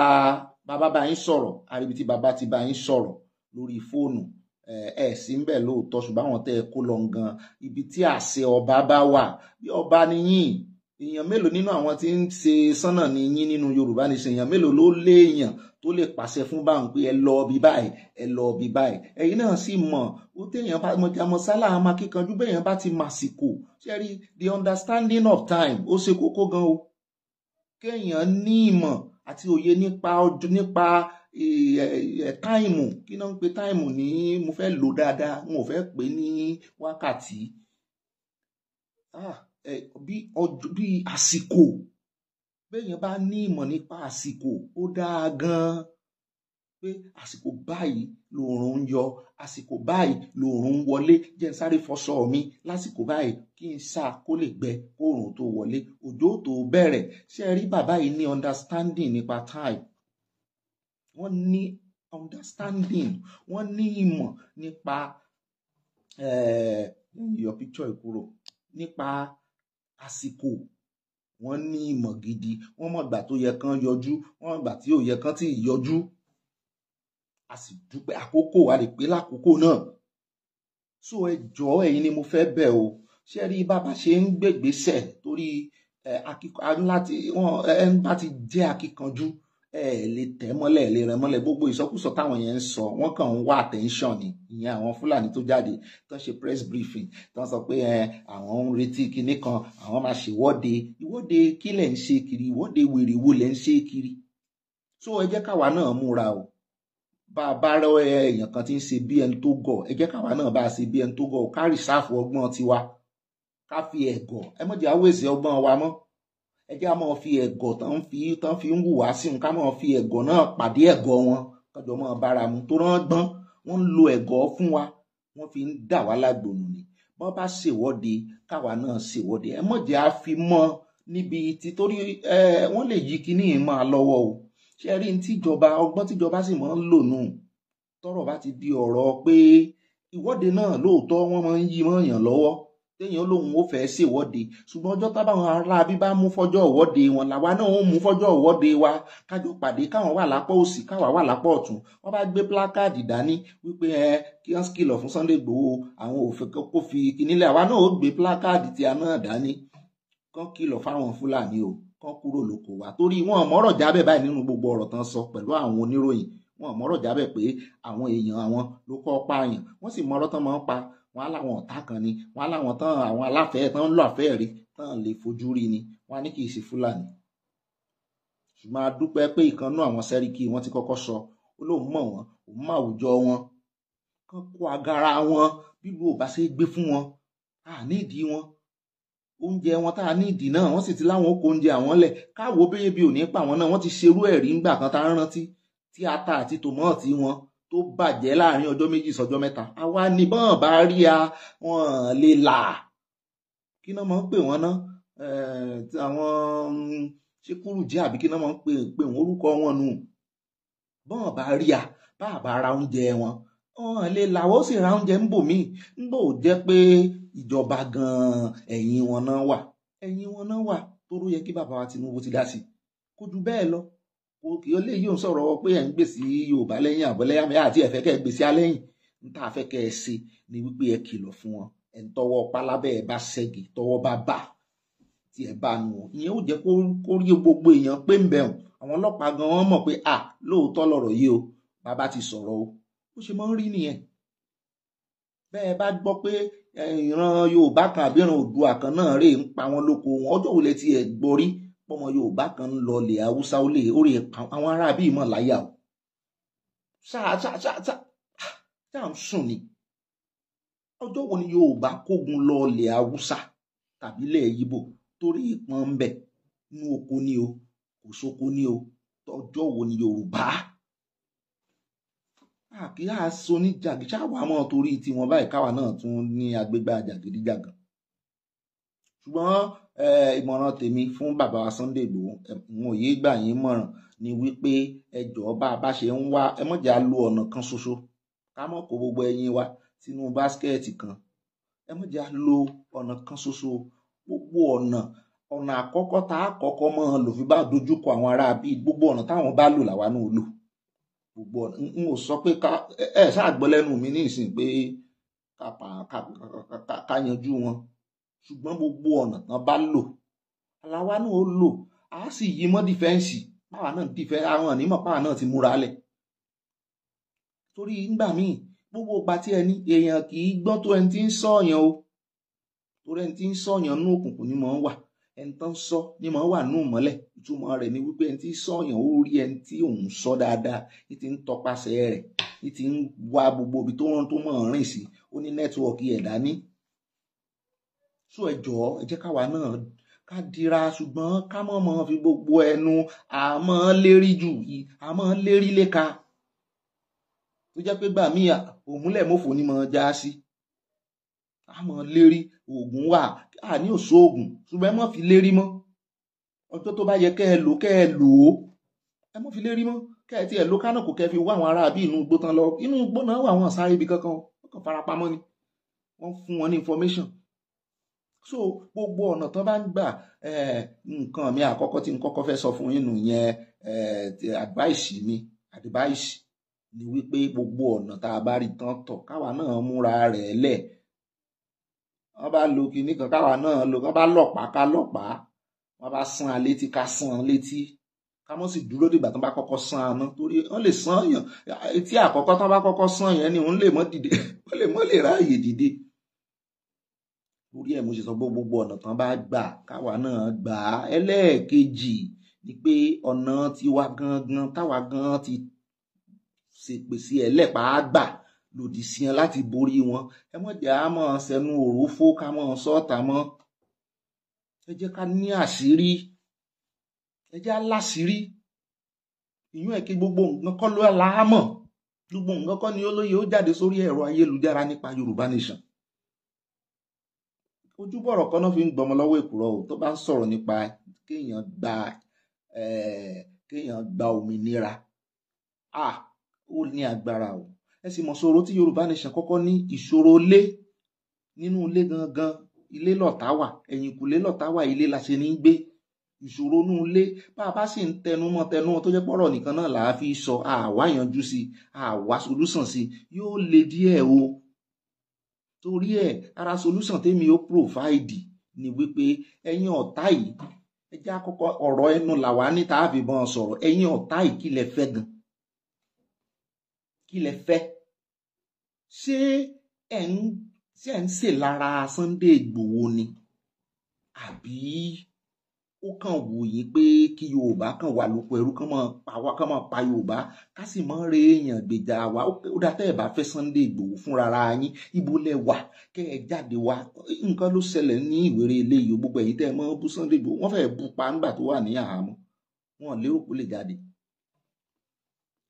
bàbá bá yín sọ̀rọ̀ àríbi tí bàbá ti bá yín sọ̀rọ̀ lórí fóònù ẹ sí ń bẹ lóòótọ́ ṣùgbọ́n àwọn tẹ́ ẹ kó lọ gan ibi tí àṣẹ ọba bá wà bí ọba niyín èèyàn mélòó nínú àwọn tí ń ṣe sánà niyín nínú Yorùbá nìṣe èèyàn mélòó ló lé tó lè pàṣẹ fún báwọn pé ẹ lọ bí báyìí ẹ lọ bí báyìí ẹ̀yin náà sì mọ̀ ó téèyàn bá mọ̀jàmọ̀ sálà máa kíkanjú béèyàn bá ti màsìkò ṣe rí the understanding of time ó ṣe kókó gan o kéèyàn ní ìmọ̀ àti òye nípa ọdún nípa táìmù kí náà ń pe táìmù ní mo fẹ́ lò dáadáa n ò fẹ́ pè ní wákàtí ah, bí àsìkò béèyàn bá ní ìmọ̀ nípa àsìkò ó dáa gan-an pé àsìkò báyìí lòòrùn ń yọ àsìkò báyìí lòòrùn ń wọlé jẹ́ n sáré fọṣọ mi lásìkò báyìí kí n sá kó lè gbẹ kóòrùn tó wọlé òjò tó bẹ̀rẹ̀ ṣé ẹ rí bàbá yìí ní understanding nípa time wọ́n ní understanding wọ́n ní ìmọ̀ nípa eh, your picture ìkúrò nípa àsìkò wọ́n ní ìmọ̀ gidi wọ́n mọ̀ ìgbà tó yẹ kán yọjú wọ́n mọ̀ ìgbà tí ò yẹ kán tí ì yọjú a sì dúpẹ́ àkókò a lè pé lákòókò náà so ẹ ẹ̀yin ni mo fẹ́ bẹ̀ o ṣé rí bàbá ṣe ń gbègbèsẹ̀ torí ẹ akíkan láti wọn ẹ ń bá ti jẹ́ akíkanjú ẹ lè tẹ̀ mọ́lẹ̀ ẹ lè rẹ̀ mọ́lẹ̀ gbogbo ìsọkúsọ táwọn yẹn ń sọ wọ́n kàn ń wá attention ni ìyẹn àwọn fúlàní tó jáde tó ṣe press briefing tó sọ pé ẹ àwọn ń retí kinní kan àwọn máa ṣèwọ́de ìwọ́de kí lẹ̀ ń ṣe kiri ìwọ́de wèrè wo lẹ̀ ń ṣe kiri so ẹ jẹ́ káwa náà múra o bá a bá rọ èèyàn kan tí ń ṣe bí ẹni tó gọ̀ ẹ jẹ́ káwa náà bá a ṣe bí ẹni tó gọ̀ ká rìsáàfù ọgbọ́n tiwa ká fi ẹ̀gọ̀ ẹ mọ̀jẹ̀ àwòṣe ọgbọ́n wa mọ́ ẹ jẹ́ ká máa fi ẹ̀gọ́ tán fi tán fi ń hùwà sí wọn ká máa fi ẹ̀gọ́ náà pàdé ẹ̀gọ́ wọn kájọ máa bára mu tó rán gbọ́n wọ́n ń lo ẹ̀gọ́ fún wa wọ́n fi ń dà wá lágbòònù ni wọ́n bá ṣèwọ́de káwa náà ṣèwọ́de ẹ mọ̀jẹ̀ á fi mọ́ níbi tí torí ẹ wọ́n lè yí kíní yìí máa lọ́wọ́ o ṣe rí tíjọba ọgbọ́n tíjọba sì máa ń lò nù tọ́rọ̀ bá ti di ọ̀rọ̀ pé ìwọ́de náà lóòótọ́ wọ́n máa ń yí mọ́ọ̀yàn lọ́wọ́ téèyàn lòun ó fẹ́ ṣèwọ́de ṣùgbọ́n ọjọ́ tábàwọn aráabí bá mú fọ́jọ́ ìwọ́de wọn làwa náà ń mú fọ́jọ́ ìwọ́de wa kájọ pàdé káwọn wà lápọ̀ òsì káwa wà lápọ̀ ọ̀tún wọ́n bá gbé plákáàdì dání wípé ẹ kí wọ́n kìlọ̀ fún Sunday Igboho àwọn òfin kó fi kínílẹ̀ àwa náà ó gbé plákáàdì tí a náà dání kán kìlọ̀ fáwọn Fúlàní o kán kúrò lóko wa torí wọn mọ́rọ̀ jábẹ̀ báyìí nínú gbogbo ọ̀rọ̀ tán sọ pẹ̀lú àwọn oníròyìn wọn mọ́rọ̀ jábẹ̀ pé àwọn èèyàn àwọn ló kọ́ pààyàn wọ́n sì mọ́rọ̀ tán máa pa wọn á láwọn ọ̀tá kan ni wọn á láwọn tán àwọn aláfẹ́ tán ń lọ àfẹ́ rí tán lè fojú rí ni wọn á ní kì í ṣe fúlàní ṣùgbọ́n a dúpẹ́ pé ìkànnú àwọn sẹ́ríkì wọn ti kọ́kọ́ sọ ó lóun mọ̀ wọ́n òun mọ̀ àwùjọ wọn kán kó agara wọn bíbu ò bá ṣe gbé fún wọn a nídìí wọn oúnjẹ wọn tá a nídìí náà wọ́n sì ti láwọn oko oúnjẹ àwọn lẹ̀ káwo béyè bí ò ní pa wọn náà wọ́n ti ṣerú ẹ̀rí ńgbà kan tá a rántí tí ata àti tòmọ́ọ̀tì wọn tó bàjẹ́ láàrin ọjọ́ méjì sọjọ́ mẹ́ta àwa ni bọ́n bá rí a wọ́n lè là kí náà máa ń pè wọ́n ná àwọn ṣé kúrú jẹ́ àbí kí náà máa ń pè pè wọ́n orúkọ wọn nù bọ́n bá rí a bá bá ra oúnjẹ wọn wọ́n lè là wọ́n sì ra oúnjẹ ń bò míì ń bò jẹ́ pé ìjọba gan-an ẹ̀yìn wọn náà wà ẹ̀yìn wọn náà wà tó ló yẹ kí bàbá wa Tinubu ti dá sí kó ju bẹ́ẹ̀ lọ kí ó lè yóò sọ̀rọ̀ pé ẹ̀ ń gbè sí Yorùbá lẹ́yìn àbọ̀lẹ́yà mi àti ẹ̀fẹ́ kẹ́ gbèsè alẹ́yìn ń tà fẹ́ kẹ́ ẹ ṣe ni wípé ẹ kìlọ̀ fún wọn ẹ̀ ń tọwọ́ pálábẹ́ ẹ bá ṣẹ́gi tọwọ́ bá bà tí ẹ bá nu ìyẹn ó jẹ́ kó rí gbogbo èèyàn pé ń bẹ̀rùn àwọn ọlọ́pàá gan wọn mọ̀ pé à lóòótọ́ lọ̀rọ̀ yìí o bàbá ti sọ̀rọ̀ o bó ṣe máa ń rí nìyẹn bẹ́ẹ̀ bá gbọ́ pé ìran Yorùbá kan àbí ìran Oòduà kan náà rèé ń pa wọn lóko wọn ọjọ́ wo lẹ ti gbọ́ rí pọ́mọ Yorùbá kan ń lọ ilẹ̀ Haúsá ó lè ó lè àwọn ará bíi mọ̀ láyà o ṣáà ṣáà ṣáà ṣáà ń sùn ni ọjọ́ wo ni Yorùbá kógun lọ ilẹ̀ Haúsá tàbí ilẹ̀ Yíbò torí ìpọn ń bẹ nú oko ni o kò sóko ni o tọjọ́ wo ni Yorùbá àkíyà soníjàgì ṣáàwá mọ́ torí tiwọn báyìí káwa náà tún ní agbégbá jàgídíjàgàn ṣùgbọ́n ìmọ̀ràn tèmi fún bàbá wa Sunday Igboho mo yéé gbà yín mọ̀ràn ni wípé ẹ jọ̀ọ́ bá a bá ṣe ń wá ẹ mọ̀jà ọ̀nà kan ṣoṣo ká mọ̀ kó gbogbo ẹyin wa sínú báskẹ́ẹ̀tì kan ẹ mọ̀jà ọ̀nà kan ṣoṣo gbogbo ọ̀nà ọ̀nà àkọ́kọ́ tá a kọ́kọ́ mọ́ ọ lò fi bá dojúkọ àwọn ará bíi gbogbo ọ̀nà táwọn bá lò làwa náà lò gbogbo ọ̀nà n ò sọ pé ká ẹ ṣáà gbọ́ lẹ́nu mi ní ìsìn pé ká yanjú wọn ṣùgbọ́n gbogbo ọ̀nà tán bá lò aláwa náà ó lò á sì yí mọ́ dìfẹ́ǹsì páwa náà dìfẹ́ àwọn ànímọ̀ páwa náà ti múra lẹ̀ torí ńgbà míì gbogbo ìgbà tí ẹni èèyàn kì í gbọ́n tó ẹni tí ń sọ̀yàn o torí ẹni tí ń sọ̀yàn nú òkùnkùn ni mò ń wà ẹni tán sọ ni mò ń wà nú ìmọ́lẹ̀ ìtumọ̀ rẹ̀ ni wípé ẹni tí sọ̀yàn ó rí ẹni tí òun sọ dáadáa ní ti ń tọpasẹ̀ rẹ̀ ní ti ń wá gbogbo ibi tó rán tó mọ̀ rìn sí ó ní nẹ́tíwọ̀kì ẹ̀dá ní so ẹ jọ̀ọ́ ẹ jẹ́ káwa náà ká dira ṣùgbọ́n ká mọ̀ mọ́ fi gbogbo ẹnu àmọ́ lérí jù àmọ́ lérí léka tó jẹ́ pé gbà mí òmùlẹ̀ mọ́fò ni mo já sí àmọ́ lérí oògùn wà á ní òṣó oògùn ṣùgbọ́n ẹ mọ̀ fi lérí mọ́ ọjọ́ tó bá yẹ kẹ́ ẹ lò kẹ́ ẹ lò ó ẹ mọ̀ fi lérí mọ́ kẹ́ ẹ tiẹ̀ lò kánà kò kẹ́ ẹ fi wá àwọn aráàbí inú igbó tán lọ inú igbó náà wà wọ́n sáré ibi kankan ó kàn farapamọ́ ni wọ́n fún wọn ní information so gbogbo ọ̀nà tán bá ń gbà nǹkan mi àkọ́kọ́ tí n kọ́kọ́ fẹ́ sọ fún yín yẹn advice mi advice ni wípé gbogbo ọ̀nà tá a bá rí tán tọ̀ káwa náà múra rẹ̀ lẹ̀ wọ́n bá lo kinní kan káwa náà lo wọ́n bá lọ̀pá ká lọ̀pá wọ́n bá san án létí ká san án létí ká mọ́ sì dúró dìgbà tán bá kọ́kọ́ san án torí wọ́n lè san yàn etí àkọ́kọ́ tán bá kọ́kọ́ san yẹn ni òun lè mọ́ dìde wọ́n lè mọ́ lè ráàyè dìde lórí ẹ̀ mo ṣe sọ pé gbogbo ọ̀nà tán bá gbà káwa náà gbà á ẹlẹ́ẹ̀kejì ni pé ọ̀nà tiwa gangan táwa gan ti ṣèpèsè ẹlẹ́pàá gbà lòdì sí ẹ láti borí wọn ẹ mọ̀ jẹ́ á mọ̀ sẹ́nu òrófó ká mọ̀ sọ́ọ̀tà mọ́ ẹ jẹ́ ká ní àṣírí ẹ jẹ́ á láṣírí ìyún ẹ̀kí gbogbo nǹkan kọ́ ló láhámọ̀ gbogbo nǹkan kọ́ ni olóye ó jáde sórí ẹ̀rọ ayélujára nípa Yorùbá Nation ojúbọ̀rọ̀ kan náà fi ń gbọmọ lọ́wọ́ èkùrọ́ o tó bá ń sọ̀rọ̀ nípa kéèyàn gba kéèyàn gba òmìnira ah ó ní agbára o ẹ sì mọ̀ ṣòro tí Yorùbá nation kọ́kọ́ ní ìṣòro ilé nínú ilé gangan ilé lọ̀tá wà ẹ̀yìnkùlé lọ̀tá wà ilé la ṣe ní gbé ìṣòro inú ilé bá a bá sì ń tẹnumọ́ tẹnumọ́ tó jẹ́ pọ́rọ̀ nìkan náà là fi sọ àwa yanjú sí àwa solúsàn sí yóò le díẹ̀ o torí ẹ̀ ara solution tèmi ó provide ni wípé ẹ̀yin ọ̀tá yìí ẹ jẹ́ àkọ́kọ́ ọ̀rọ̀ ẹnu làwa níta àfihàn sọ̀rọ̀ ẹ̀yin ọ̀tá yìí kí lẹ fẹ́ gan kí lẹ fẹ́ ṣé ẹ̀ ń ṣe lára Sunday Ìgbòho ni àbí ó kàn wòye pé kí yorùbá kàn wà lóko ẹrú kàn máa pa wá kàn máa pa yorùbá ká sì máa re èèyàn gbèjà wa ó dá tẹ́ ẹ̀ bá fẹ́ Sunday Ìgbòho fúnra ra yín ibo lẹ wà kẹ́ ẹ jáde wá nǹkan ló ṣẹlẹ̀ ní ìwéré ilé yìí gbogbo ẹ̀yìn tẹ́ ẹ máa bú Sunday Ìgbòho wọ́n fẹ́ẹ́ bú pa nígbà tó wà ní àhámọ́ wọn lérò kó lè jáde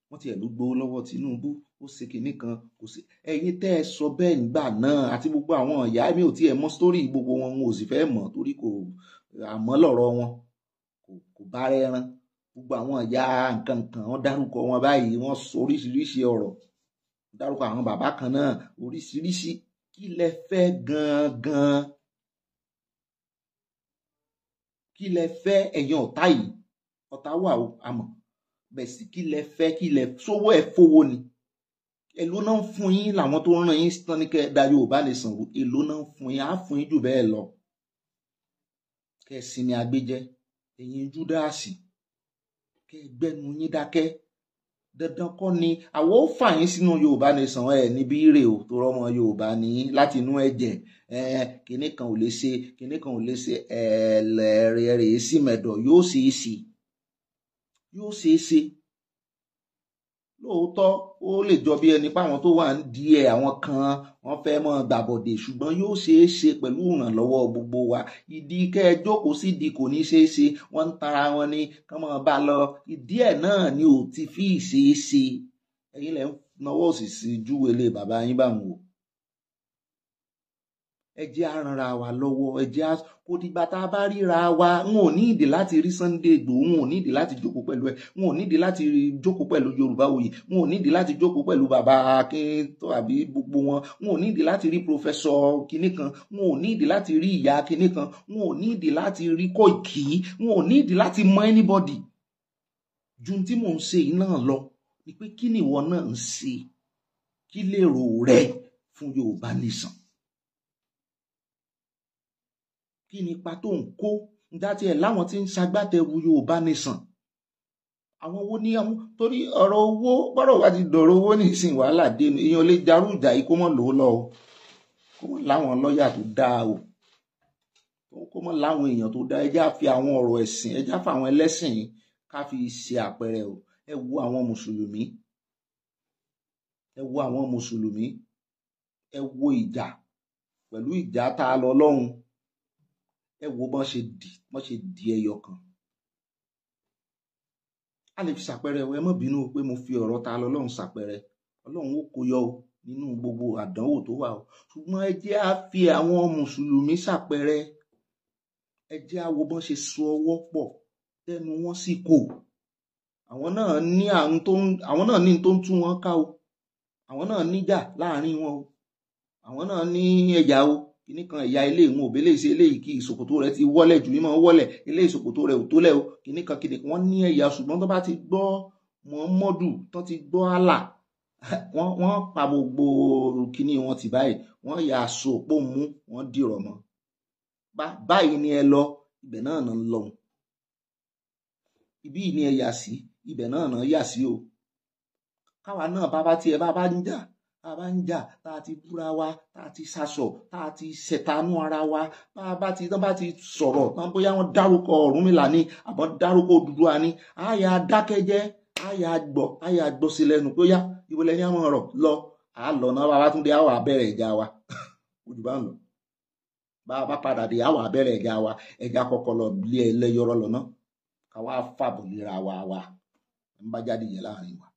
wọ́n tiẹ̀ ló gbowó lọ́wọ́ Tinubu ó ṣe kinní kan kò sí ẹ̀yin tẹ́ ẹ sọ bẹ́ẹ̀ nígbà náà àti gbogbo àwọn ìyá mi ò tiẹ̀ mọ̀ sítórì gbogbo wọn wọn ò sì fẹ́ mọ̀ torí kò àmọ́ lọ̀rọ̀ wọn kò bára ẹran gbogbo àwọn ìyá nǹkan kan wọ́n dárúkọ wọn báyìí wọ́n sọ oríṣiríṣi ọ̀rọ̀ dárúkọ àwọn bàbá kan náà oríṣiríṣi kí lẹ fẹ́ gangan kí lẹ fẹ́ ẹ̀yin ọ̀tá yìí ọ̀tá wà ó àmọ́ bẹ̀sì kí lẹ fẹ́ kí lẹ sówó ẹ̀ fowó ni èló náà ń fún yín làwọn tó ń ràn yín tán ní kẹ́ da Yorùbá lè sàn èló náà ń fún yín á fún yín jù bẹ́ẹ̀ lọ kẹsìn ni agbẹjẹ ẹ̀yin júdáàsì kẹgbẹnu yín dákẹ́ dandan kọ́ ni àwọn ó fà yín sínú yorùbá nation ẹ níbí rè o tó rọmọ yorùbá ní láti inú ẹ̀jẹ̀ ẹ kinní kan ò lè ṣe kinní kan ò lè ṣe ẹ lẹẹrẹ sí mẹdọ yóò ṣeé ṣe yóò ṣeé ṣe lóòótọ́ ó lè jọ bí ẹni pé àwọn tó wà ń di ẹ̀ àwọn kan wọ́n fẹ́ mọ́ gbàbọ̀dè ṣùgbọ́n yóò ṣeé ṣe pẹ̀lú ìrànlọ́wọ́ gbogbo wa ìdí kẹ́ ẹ jókòó sí ìdí kò ní ṣeé ṣe wọ́n ń tara wọn ni kán mọ́ bá lọ ìdí ẹ̀ náà ni ò ti fi ṣeé ṣe ẹ̀yin lẹ́ ń nawọ́ òsìsì júwèlé bàbá yín báwọn o ẹ jẹ́ á ran ara wa lọ́wọ́ ẹ jẹ́ á kò dìgbà tá a bá ríra wa n ò ní ìdí láti rí Sunday Igboho n ò ní ìdí láti jókòó pẹ̀lú ẹ n ò ní ìdí láti jókòó pẹ̀lú Yorùbá Oyè n ò ní ìdí láti jókòó pẹ̀lú bàbá Akíntó àbí gbogbo wọn n ò ní ìdí láti rí pòfẹ́sọ̀ kinní kan n ò ní ìdí láti rí ìyá kinní kan n ò ní ìdí láti rí Kóìkì n ò ní ìdí láti mọ anybody ju tí mò ń ṣe yìí lọ ni pé kí ni ìwọ náà ń ṣe kí lèrò rẹ fún Yorùbá nation kí ni ipa tó ń kó dátì ẹ̀ láwọn tí ń ṣagbátẹrù Yorùbá nation àwọn owó ní àwọn torí ọ̀rọ̀ owó bọ́rọ̀ wá ti dọ̀rọ̀ owó ní ìsìn wàhálà dé nu èèyàn lè darú ìjà yìí kó mọ̀ lòó lọ o kó mọ̀ láwọn lọ́ọ̀yà tó dáa o kó mọ̀ láwọn èèyàn tó dáa ẹjá fi àwọn ọ̀rọ̀ ẹ̀sìn ẹjá fi àwọn ẹlẹ́sìn ká fi ṣe àpẹẹrẹ o ẹ wo àwọn mùsùlùmí ẹ wo àwọn mùsùlùmí ẹ wo ìjà pẹ̀lú ìjà tá a lọ lọ́hùn ẹ wo bọ́n ṣe dì bọ́n ṣe dì ẹyọ kan a lè fi ṣàpẹẹrẹ ẹ má bínú pé mo fi ọ̀rọ̀ ta lọ́lọ́run ṣàpẹẹrẹ ọlọ́run ó kó yọ o nínú gbogbo àdánwò tó wà o ṣùgbọ́n ẹ jẹ́ á fi àwọn mùsùlùmí ṣàpẹẹrẹ ẹ jẹ́ á wo bọ́n ṣe so ọwọ́ pọ̀ tẹnu wọn sì kò àwọn náà ní àwọn náà ní tó ń tú wọn ká o àwọn náà níjà láàrin wọn o àwọn náà ní ẹjà o kíní kan ìyá ilé ìwọn òbí lè ṣe eléyìí kí ìsòkòtò rẹ ti wọlẹ̀ jù mímọ wọlẹ̀ ilé ìsòkòtò rẹ ò tó lẹ o kíní kan kíní wọn ní ẹ̀yà ṣùgbọ́n tó bá ti gbọ́ mọmọdù tó ti gbọ́ àlà wọn wọn pa gbogbo kíní wọn ti báyìí wọn yà aṣọ òpó mú wọn dìrọ̀ mọ́ báyìí ni ẹ lọ ibẹ̀ náà nà ń lọ ibí ni ẹ yà sí ibẹ̀ náà nà ń yà sí o káwa náà bá bá tiẹ̀ bá bá ń jà abanja a bá ń jà tá a ti búra wa tá a ti sasọ tá a ti ṣẹ̀tanú ara wa bá a bá ti tán bá ti sọ̀rọ̀ tán bóyá wọ́n dárúkọ Ọ̀rúnmìlà ni àbọ̀ dárúkọ Odùduwà ni á yà dákẹ́jẹ́ á yà gbọ́ sí lẹ́nu pé ó yá ìwé lẹ́ni àwọn ọ̀rọ̀ lọ à á lọ náà bàbá tún dé àwọn abẹ́rẹ́ ìjà wa olùbá ń lọ bàbá padà dé àwọn abẹ́rẹ́ ìjà wa ẹ̀já kọ̀kọ̀ lọ lé ẹlẹ́yọrọ lọ náà káwá fàbọ̀ lera wa wa ń bá jáde yẹ láàrin wa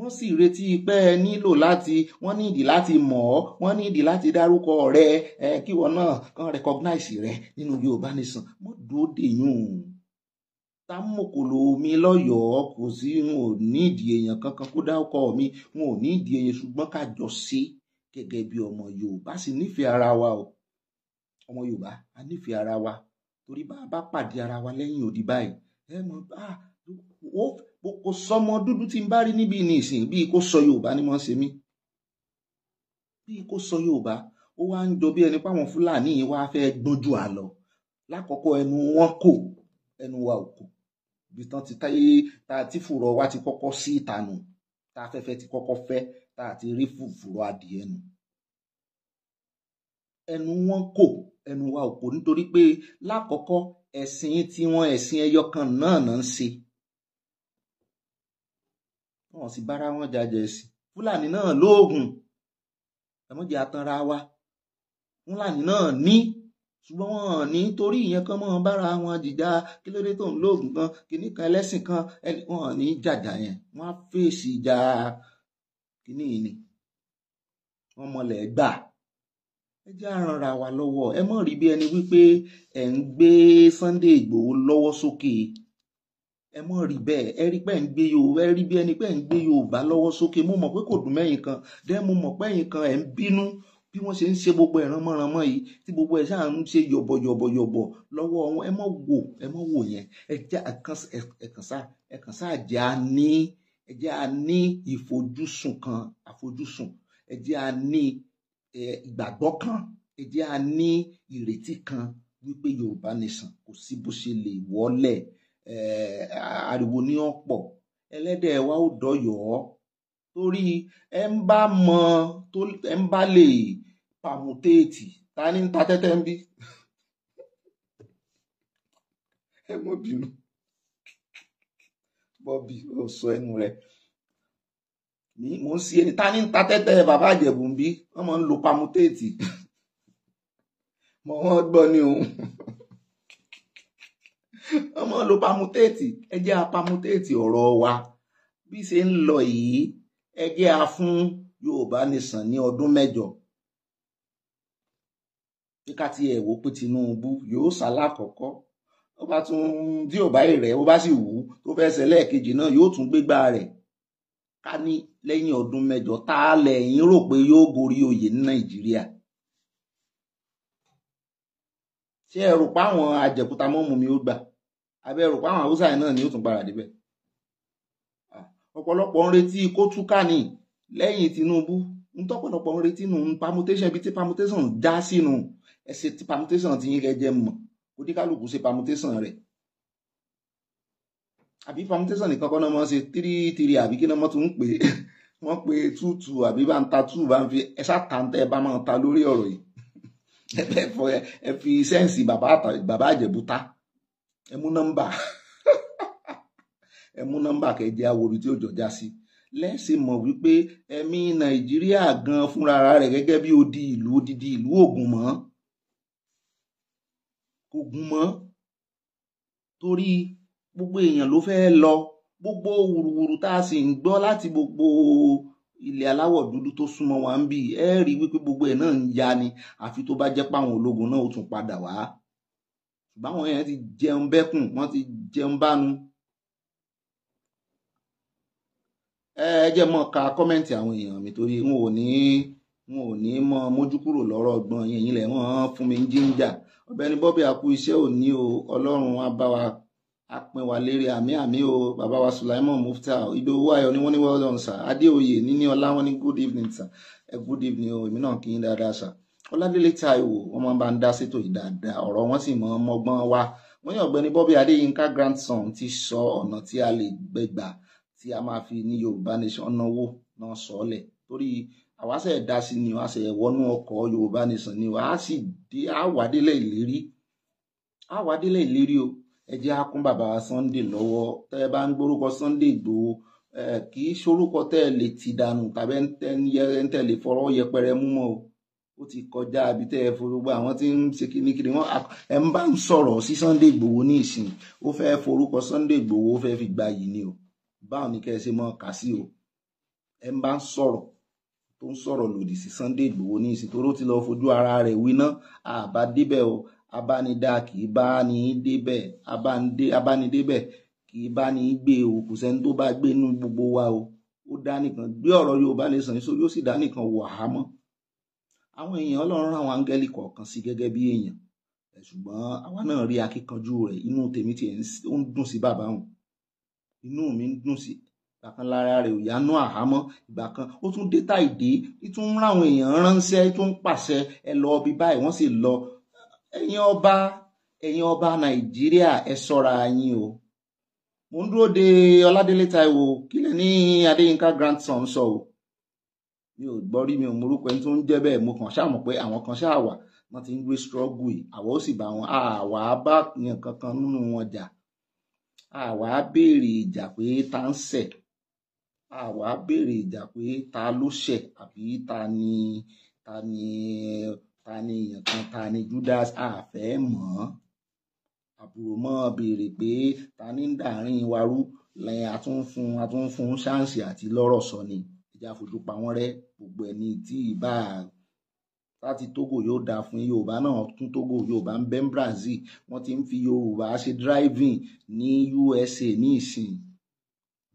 wọ́n sì retí pé ẹ nílò láti wọ́n nídìí láti mọ̀ ọ́ wọ́n nídìí láti dárúkọ rẹ ẹ kí wọn náà kàn recognize rẹ nínú Yorùbá nation mo dúró dèyún támòkòlò mi lọ́yọ̀ọ́ kò sí n ò nídìí èèyàn kankan kó dárúkọ mi n ò nídìí èèyàn ṣùgbọ́n ká jọ ṣe gẹ́gẹ́ bí ọmọ Yorùbá sì nífẹ̀ẹ́ ara wa o ọmọ Yorùbá a nífẹ̀ẹ́ ara wa torí bá a bá pàdé ara wa lẹ́yìn òdì báyìí ẹ mọ̀ bá ah, a kò sọmọ dúdú tí n bá rí níbi ní ìsìn bíi kò sọ yorùbá ni wọ́n ṣe mí bíi kò sọ yorùbá ó wá ń jọ bí ẹni pé àwọn fúlàní yìí wá fẹ́ gbójú àlọ́ lákọ̀ọ́kọ́ ẹnu wọn kò ẹnu wa ò kò ibi tán ti táyé tá a ti fùrọ̀ wa ti kọ́kọ́ sí ìtànù tá a fẹ́fẹ́ ti kọ́kọ́ fẹ́ tá a ti rí fùfùrọ̀ adìẹ nù ẹnu wọn kò ẹnu wa ò kò nítorí pé lákọ̀ọ́kọ́ ẹ̀sìn tiwọn ẹ̀sìn ẹyọkan náà náà ń ṣe wọn sì bára wọn jàjẹ sí fúlàní náà lóògùn ẹmọjẹ atanra wa fúlàní náà ní ṣùgbọ́n wọn ní torí ìyẹn kan mọ́ bára wọn jìjà kí ló dé tó ń lóògùn kan kìíní kan ẹlẹ́sìn kan wọn ní jàjà yẹn wọn á fèsì ìjà kìíní yìí ni wọn mọlẹ̀ gbà ẹ jẹ́ àrànra wa lọ́wọ́ ẹ mọ̀ rí bí ẹni wípé ẹ̀ ń gbé Sunday Ìgbòho lọ́wọ́ sókè. So ẹ mọ̀ rí bẹ́ẹ̀ ẹ rí pé ń gbé Yorùbá ẹ rí bí ẹni pé ń gbé Yorùbá lọ́wọ́ sókè mo mọ̀ pé kò dùn mẹ́yìn kan dẹ́ mo mọ̀ pé ẹ̀yìn kan ẹ̀ ń bínú bí wọ́n ṣe ń ṣe gbogbo ìrànmọ́rànmọ́ yìí tí gbogbo ẹ̀ ṣáà ń ṣe yọ̀bọ̀yọ̀bọ̀yọ̀bọ̀ lọ́wọ́ wọn ẹ mọ̀ wò ẹ mọ̀ wò yẹn ẹ jẹ́ ẹ̀kàn sáà jẹ́ a ní ẹ jẹ́ a ní ìfojúsùn kan àfojúsùn ẹ jẹ́ a ní ìgbàgbọ́ kan ẹ jẹ́ a ní ìrètí kan wípé Yorùbá nation kò sí bó ṣe lè wọlé Eh, ariwo ní ọ̀pọ̀ ẹlẹ́dẹ̀ wa ó dọ̀yọ̀ torí ẹ ń bá mọ tó ẹ ń bá lè pàmùtéètì ta ni ń ta tẹ́tẹ́ ń bí ẹ mọ̀ bínú bọ́bí ó sọ ẹnu rẹ̀ ní mò ń sí ẹni ta ni ń ta tẹ́tẹ́ bàbá àjẹ̀bù ń bí wọ́n máa ń lo pàmùtéètì mọ̀ wọ́n gbọ́ ní òun. ọmọ ló pamutéètì ẹ jẹ́ apamutéètì ọ̀rọ̀ wa bí ṣe ń lọ yìí ẹ jẹ́ a fún Yorùbá nìsàn ní ọdún mẹ́jọ kíkà tí ẹ wò pé Tinubu yóò ṣalákọ̀ọ́kọ́ ó bá tún tí ò bá rẹ̀ ó bá sì wù ú tó fẹ́ ṣe lẹ́ẹ̀kejì náà yóò tún gbégbá rẹ̀ ká ní lẹ́yìn ọdún mẹ́jọ tá a lẹ́yìn rò pé yóò gorí oyè ní Nàìjíríà. ṣé ẹ rò pé àwọn àjẹkúta mọ́mú mi ó gbà? abẹ́rù páwọn haúsá yẹn náà ni ó tún gbára débẹ̀ ọ̀pọ̀lọpọ̀ ń retí kó túká ní lẹ́yìn Tinubu ń tọ́pọ̀lọpọ̀ ń retí nù ń permutation ibi tí permutation já sínú ẹ̀sìn tí permutation ti yín gẹ́gẹ́ mọ̀ kó dé kálukú ṣe permutation rẹ̀ àbí permutation nìkan kọ́ náà mọ́ ṣe three three àbí kí náà mọ́ tún ń pè é wọ́n pe two two àbí bá ń ta two bá ń fi ẹ ṣàtàǹtẹ̀ bá máa ta lórí ọ̀rọ̀ yìí ẹ fi sẹ́ǹsì bàbá àjẹ̀bú ẹ mú nọ́mbà ẹ mú nọ́mbà kẹjẹ awobi tí ó jọjá sí lẹ́sìn mọ̀ wípé ẹ̀mí nàìjíríà gan fúnra rẹ̀ gẹ́gẹ́ bí odi ìlú odidi ìlú ògùn mọ́ ògùn mọ́ torí gbogbo èèyàn ló fẹ́ lọ gbogbo wùrùwùrù tá a sì ń gbọ́ láti gbogbo ilẹ̀ aláwọ̀ dúdú tó súnmọ́ wa ń bì ẹ́ rí wípé gbogbo ẹ̀ náà ń ya ni àfi tó bá jẹ́ páwọn ológun náà ó tún padà wá ṣùgbọ́n àwọn èèyàn ti jẹun bẹ́kùn wọ́n ti jẹun bánu. ẹ jẹ́ mọ́ ka kọ́mẹ́ǹtì àwọn èèyàn mi torí n ò ní n ò ní mọ́ mójú kúrò lọ́rọ̀ ọgbọ́n yẹn yín lẹ̀ wọ́n fún mi ń jíńjà ọ̀gbẹ́ni Bobby àkú iṣẹ́ òní o ọlọ́run á bá wa apin wa lérí àmì àmì o bàbá wa mufta, Muftau Ìdòwú Ayọ̀ ni wọ́n ní well done sir Adéoyè níní ọlá wọ́n ní good evening sir ẹ good evening o èmi náà kí yín dáadáa sir. Ọládélé Táíwò wọ́n máa ń bá ń dá sétò yìí dáadáa ọ̀rọ̀ wọn sì mọ́ mọ́gbọ́n wá wọ́n ní ọ̀gbẹ́ni Bobby Adéyínká grandson ti sọ ọ̀nà tí a lè gbẹgbà tí a máa fi ní Yorùbá nation náwó náà sọ́ọ̀lẹ̀ torí àwáṣẹ̀ ẹ̀dá sí ni wọ́n á ṣe wọnú Yorùbá nation ni wọ́n á sì dé àwádélé ìlérí àwádélé ìlérí o ẹ jẹ́ á kún bàbá Sunday lọ́wọ́ tẹ́ ẹ bá ń gbórúkọ Sunday Ìgbòho kì í ṣorúkọ tẹ́ lè ti dànù tàbí ẹ̀ ń tẹ́ lè fọ̀rọ̀ yẹpẹrẹ mú mọ́ o ó ti kọjá ibi tẹ́ ẹ forúgbà àwọn tí ń ṣe kíní kiri wọn ẹ ń bá ń sọ̀rọ̀ sí Sunday Igboho ní ìsìn ó fẹ́ forúkọ Sunday Igboho ó fẹ́ fi gba yìí ni o báwo ni kẹ́ ẹ ṣe mọ́ kà sí o ẹ ń bá ń sọ̀rọ̀ tó ń sọ̀rọ̀ lòdì sí Sunday Igboho ní ìsìn tó ló ti lọ fojú ara rẹ̀ winá àbá débẹ̀ o abánidá kì í bá ní débẹ̀ abánidébẹ̀ kì í bá ní gbé o kò sẹ́ni tó bá gbé nínú gbogbo wa o ó dá nìkan gbé ọ̀rọ̀ Yorùbá lè sàn yóò sì dá nìkan wọ̀ àwọn èèyàn ọlọ́run rán àwọn áńgẹ́lì kọ̀ọ̀kan sí gẹ́gẹ́ bí èèyàn ṣùgbọ́n àwa náà rí akíkanjú rẹ̀ inú tèmi tiẹ̀ ń dùn sí bàbá òun inú mi ń dùn sí ìgbà kan lára rẹ̀ ò yánú àhámọ́ ìgbà kan ó tún dé táìdé títún ń ráwọn èèyàn ránṣẹ́ tó ń pàṣẹ ẹ lọ bí báyìí wọ́n sì lọ ẹ̀yin ọba ẹ̀yin ọba nàìjíríà ẹ ṣọ́ra yín o mo ń dúró de ọládélé taiwo kílẹ̀ ní adéyínká grandson sọ So mi ò gbọ́ rí mi ò morúkọ ẹni tó ń jẹ́ bẹ́ẹ̀ mo kàn ṣáà mọ̀ pé àwọn kan ṣáà wà wọ́n ti ń gbé struggle yìí àwa ó sì bá wọn àwa bá yàn kankan nínú wọn jà àwa béèrè ìjà pé ta ń ṣẹ̀ àwa béèrè ìjà pé ta ló ṣẹ̀ àbí ta ni ta ni ta ni èèyàn kan ta ni Judas àfẹ́ mọ̀ àbúrò mọ́ béèrè pé ta ni ń dàárín lẹ́yìn atúnfún atúnfún ṣáǹsì àti lọ́rọ̀ sọ ni ìjà fojú pa wọ́n rẹ́ gbogbo ẹni tí ìbá láti Togo yóò dáa fún Yorùbá náà tún Togo Yorùbá ń bẹ ń Brazil wọ́n ti ń fi Yorùbá ṣe driving ní USA ní ìsìn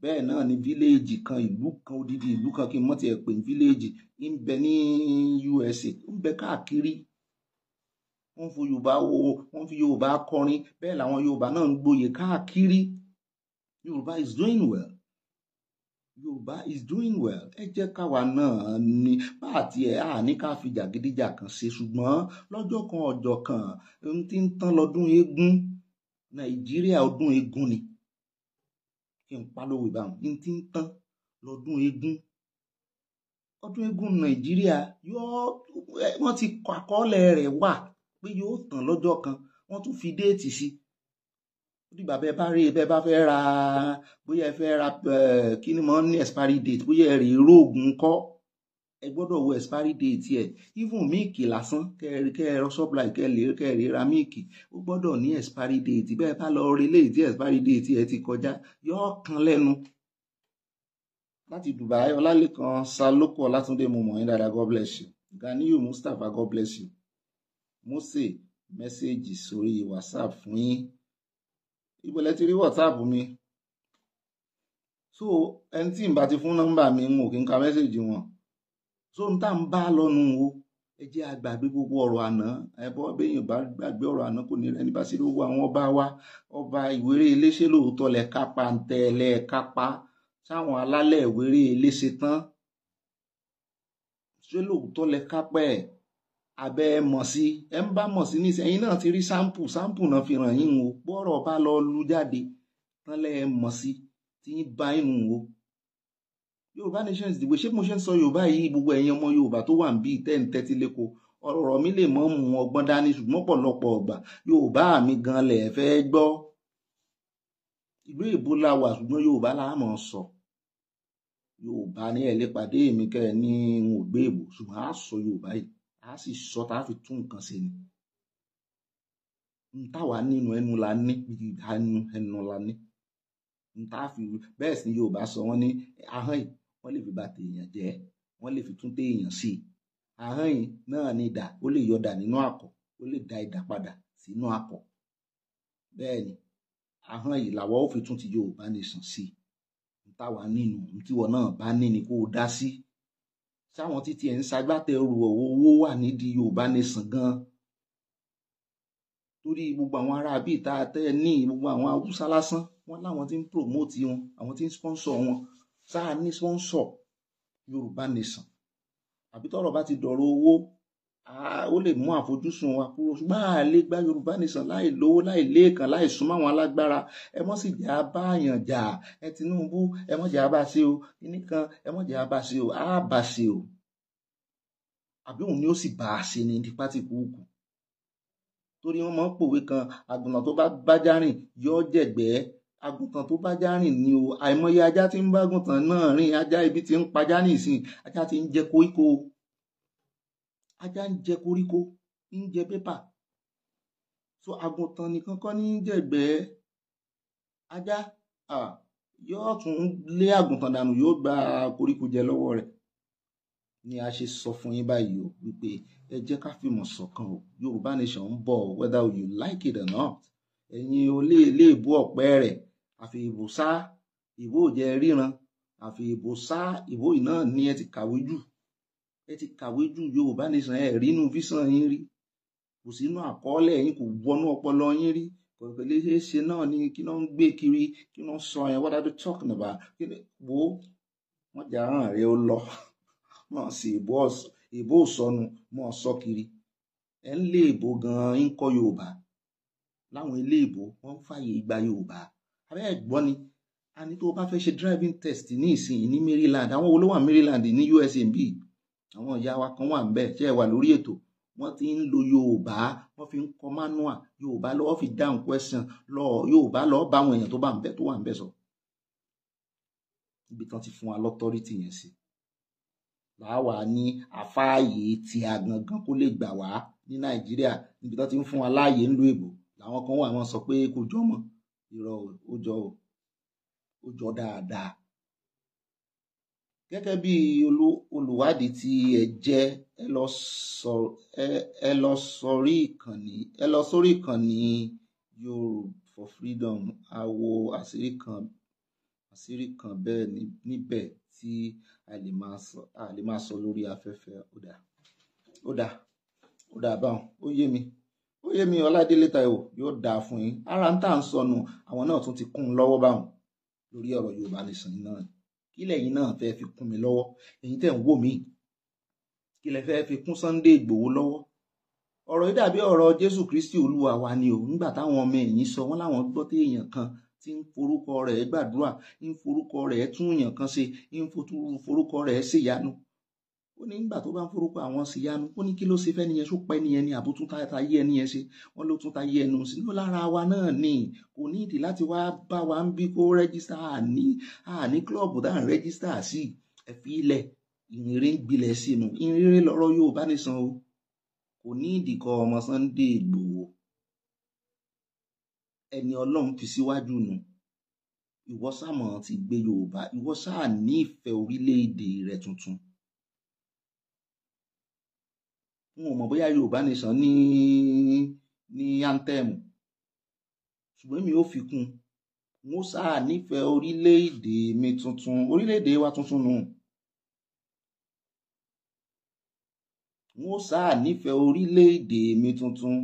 bẹ́ẹ̀ náà ni fíléèjì kan ìlú kan odidi ìlú kan kí n mọ́ ti ẹ̀ pè ní fíléèjì ń bẹ ní USA ń bẹ káàkiri wọ́n fi Yorùbá wo wọ́n fi Yorùbá kọrin bẹ́ẹ̀ làwọn Yorùbá náà ń gboyè káàkiri Yorùbá is doing well yorùbá is doing well ẹ jẹ́ káwa náà ni bá àti ẹ̀ á ní ká fi jàgídíjà kan ṣe ṣùgbọ́n lọ́jọ́ kan ọjọ́ kan n ti ń tán lọ́dún eégún nàìjíríà ọdún eégún ni kí n pálówó ìbámu n ti ń tán lọ́dún eégún ọdún eégún nàìjíríà yóò wọ́n ti kọ àkọọ́lẹ̀ rẹ̀ wà pé yóò tán lọ́jọ́ kan wọ́n tún fi déètì sí i dìgbà bẹ́ẹ̀ bá rí bẹ́ẹ̀ bá fẹ́ ra bóyá ẹ fẹ́ ra kí ni mo ní expiry date bóyá ẹ rí irú oògùn kọ́ ẹ gbọ́dọ̀ wo expiry date yẹ even míìkì lásán kẹrì kẹrọ supply kẹlẹ kẹrì ra míìkì ó gbọ́dọ̀ ní expiry date bẹ́ẹ̀ bá lọ rí léyìí tí expiry date yẹ ti kọjá yóò kan lẹ́nu láti Dubai Ọlálẹ́kan Salóko Ọlátúndé mo mọ̀ yín dáadáa God bless you Ganiyu Mustapha God bless you mo message mẹ́sẹ̀gì sórí WhatsApp fún yín ibo lẹ ti rí whatsapp mi so ẹni tí n bá ti fún nọ́mbà mi n ò kí n ka mẹ́sẹ̀gì wọn so n tá n bá lọ́nu o ẹ jẹ́ àgbàgbé gbogbo ọ̀rọ̀ àná ẹbọ béèyàn bá gbàgbé ọ̀rọ̀ àná kò ní rẹni bá sí lówó àwọn ọba wa ọba ìwéré eléṣẹ lóòótọ́ lẹ kápá ń tẹ lẹ kápá sáwọn alálẹ̀ ìwéré eléṣẹ tán ṣé lóòótọ́ lẹ kápá ẹ̀ abẹ́ ẹ mọ̀ sí ẹ ń bá mọ̀ sí ní ìsẹ́yìn náà ti rí sáǹpù sáǹpù náà fi hàn yín o bọ́rọ̀ bá lọ lu jáde tán lẹ́ ẹ mọ̀ sí tí ń bá inú o. Yorùbá nation is the way ṣé mo ṣe ń sọ Yorùbá yìí gbogbo ẹ̀yin ọmọ Yorùbá tó wà ń bí tẹ́ ń tẹ́tí lẹ́kọ̀ọ́ mi lè mọ́ mu ọgbọ́n dání ṣùgbọ́n pọ̀lọpọ̀ ọ̀gbà Yorùbá mi gan lẹ̀ fẹ́ gbọ́ ìlú èbó la wà ṣùgbọ́n Yorùbá la mọ̀ sọ Yorùbá ní ẹ̀ lè pàdé mi kẹ́ ní n ò gbé èbó ṣùgbọ́n á sọ Yorùbá yìí a sì sọ tá a fi tún nǹkan ṣe ni ntáwa nínú ẹnu la ní ẹnu ẹnu la ní ntá fi bẹ́ẹ̀ sì ni Yorùbá sọ wọ́n ní ahọ́n yìí wọ́n lè fi bà tèèyàn jẹ́ wọ́n lè fi tún téèyàn sí i ahọ́n yìí náà ni idà ó lè yọdà nínú àkọ̀ ó lè da idà padà sínú àkọ̀ bẹ́ẹ̀ ni ahọ́n yìí làwọn ó fi tún ti Yorùbá nation sí i ntáwa nínú ntíwọ náà bá ní ni kó o dá sí i sáwọn títí ẹ̀ ń ṣagbátẹrù owó wà nídìí Yorùbá nation gan torí gbogbo àwọn ará bíi tá a tẹ́ ní gbogbo àwọn Haúsá lásán wọn láwọn tí ń promote wọn àwọn tí ń sponsor wọn sáà ní sponsor Yorùbá nation àbí tọ́rọ̀ bá ti dọ̀rọ̀ owó ó lè mú àfojúsùn wa kúrò ṣùgbọ́n a lè gba yorùbá nation láì lówó láì léèkàn láì súnmọ́ àwọn alágbára ẹ mọ́ sì jẹ́ abáàyàn jà ẹ Tinubu ẹ mọ́ jẹ́ abá ṣe o nìkan ẹ mọ́ jẹ́ abá ṣe o á bá ṣe o àbí òun ni ó sì bá a ṣe ní tipa ti kú kù torí wọn máa ń pòwe kan àgùntàn tó bá bájá rìn yọ jẹ̀gbẹ́ àgùntàn tó bájá rìn ni o àìmọye ajá tí ń bá àgùntàn náà rìn ajá ibi tí ń pajá nìsín ajá tí ń jẹ koríko ajá ń jẹ koríko ń jẹ pépà so àgùntàn nìkan kọ́ ní jẹ̀gbẹ́ ajá yóò tún lé àgùntàn dànù yóò gba koríko jẹ lọ́wọ́ rẹ̀ ni a ṣe sọ fún yín báyìí o wípé ẹ jẹ́ ká fìmọ̀ ṣọ̀kan o Yorùbá nation ń bọ̀ whether you like it or not ẹ̀yin o lè lè bú ọ̀pẹ rẹ̀ àfi ìbò sá ìbò jẹ ríran àfi ìbò sá ìbò yìí náà ní ẹ ti kàwé jù ẹ ti kàwé ju yorùbá nation ẹ rí inú yín rí kò sínú àkọọ́lẹ̀ yín kò wọnú ọpọlọ yín rí kò ṣe ṣe náà ni kí ló ń gbé kiri kí ló ń sọ yẹn what are they talking about kí ni wo wọ́n jà hàn rẹ ó lọ wọ́n sì ìbò sọnù mọ́ sọ kiri ẹ̀ ń lé ìbò gan-an ń kọ́ yorùbá láwọn ilé ìbò wọ́n ń fààyè ìgbà yorùbá abẹ́ ẹ̀gbọ́n ni a ní tó o bá fẹ́ ṣe driving test ní ìsinyìí ní maryland àwọn olówó maryland ní usa bíi àwọn ìyá wa kan wà ń bẹ̀ ṣe é wà lórí ètò wọ́n ti ń lo yorùbá wọ́n fi ń kọ manua yorùbá lọ́wọ́ fi dáhùn question lọ yorùbá lọ́ọ́ bá àwọn èèyàn tó bá ń bẹ tó wà ń bẹ sọ ibi tán ti fún wa lọ́tọ́rítì yẹn sí làá wà ní àfáàyè tí a gangan kó lè gbà wá ní nàìjíríà níbi tán ti ń fún wa láàyè ńlú èbò làwọn kan wà wọ́n sọ pé kò jọmọ irọ́ ò jọ dáadáa gẹ́gẹ́ bí olùwádìí tí ẹ jẹ́ ẹ lọ sọ ẹ lọ sórí ìkànnì ẹ lọ sórí ìkànnì Yorùbá for Freedom àwo àṣírí kan àṣírí kan bẹ́ẹ̀ níbẹ̀ tí a lè máa sọ a lè máa sọ lórí afẹ́fẹ́ ó dà ó dà ó dà báwọn ó yé mi ó yé mi Ọládélé Táíwò yóò dáa fún yín ara ń tà ń sọnù àwọn náà tún ti kún un lọ́wọ́ báwọn lórí ọ̀rọ̀ Yorùbá Nation náà kí lẹ́yìn náà fẹ́ fi kún mi lọ́wọ́ ẹ̀yin tẹ́ ń wò mí kí lẹ fẹ́ fi kún Sunday Ìgbòho lọ́wọ́ ọ̀rọ̀ yìí dàbí ọ̀rọ̀ Jésù Kristi Olúwa wa ni o nígbà táwọn ọmọ ẹ̀yìn sọ wọ́n láwọn gbọ́ tí èèyàn kan tí ń forúkọ rẹ̀ gbàdúrà ń forúkọ rẹ̀ tún èèyàn kan ṣe ń forúkọ rẹ̀ ṣèyanu ó ní nígbà tó bá ń forúkọ àwọn sí yanu ó ní kí ló ṣe fẹ́ nìyẹn ṣó pẹ́ nìyẹn ni àbó tún ta yé ni yẹn ṣe wọ́n ló tún ta yé ẹnu sínú lára wa náà ni kò ní ìdí láti wá bá wa ń bí kó rẹ́gísítà àní àní kílọ̀bù dáhà rẹ́gísítà sí ẹ fi ilẹ̀ ìrìnrìn ń gbilẹ̀ sínú ìrìnrìn lọ́rọ́ yóò bá ní san o kò ní ìdí kọ ọmọ Sunday Ìgbòho ẹni Ọlọ́run fi síwájú nù ìwọ ti gbé Yorùbá ìwọ ní ìfẹ́ orílẹ̀-èdè rẹ tuntun n ò mọ̀ bóyá Yorùbá Nation ní ní anthem ṣùgbọ́n mi ò fi kún mo sáà nífẹ̀ẹ́ orílẹ̀-èdè mi tuntun orílẹ̀-èdè wa tuntun nù mo sáà nífẹ̀ẹ́ orílẹ̀-èdè mi tuntun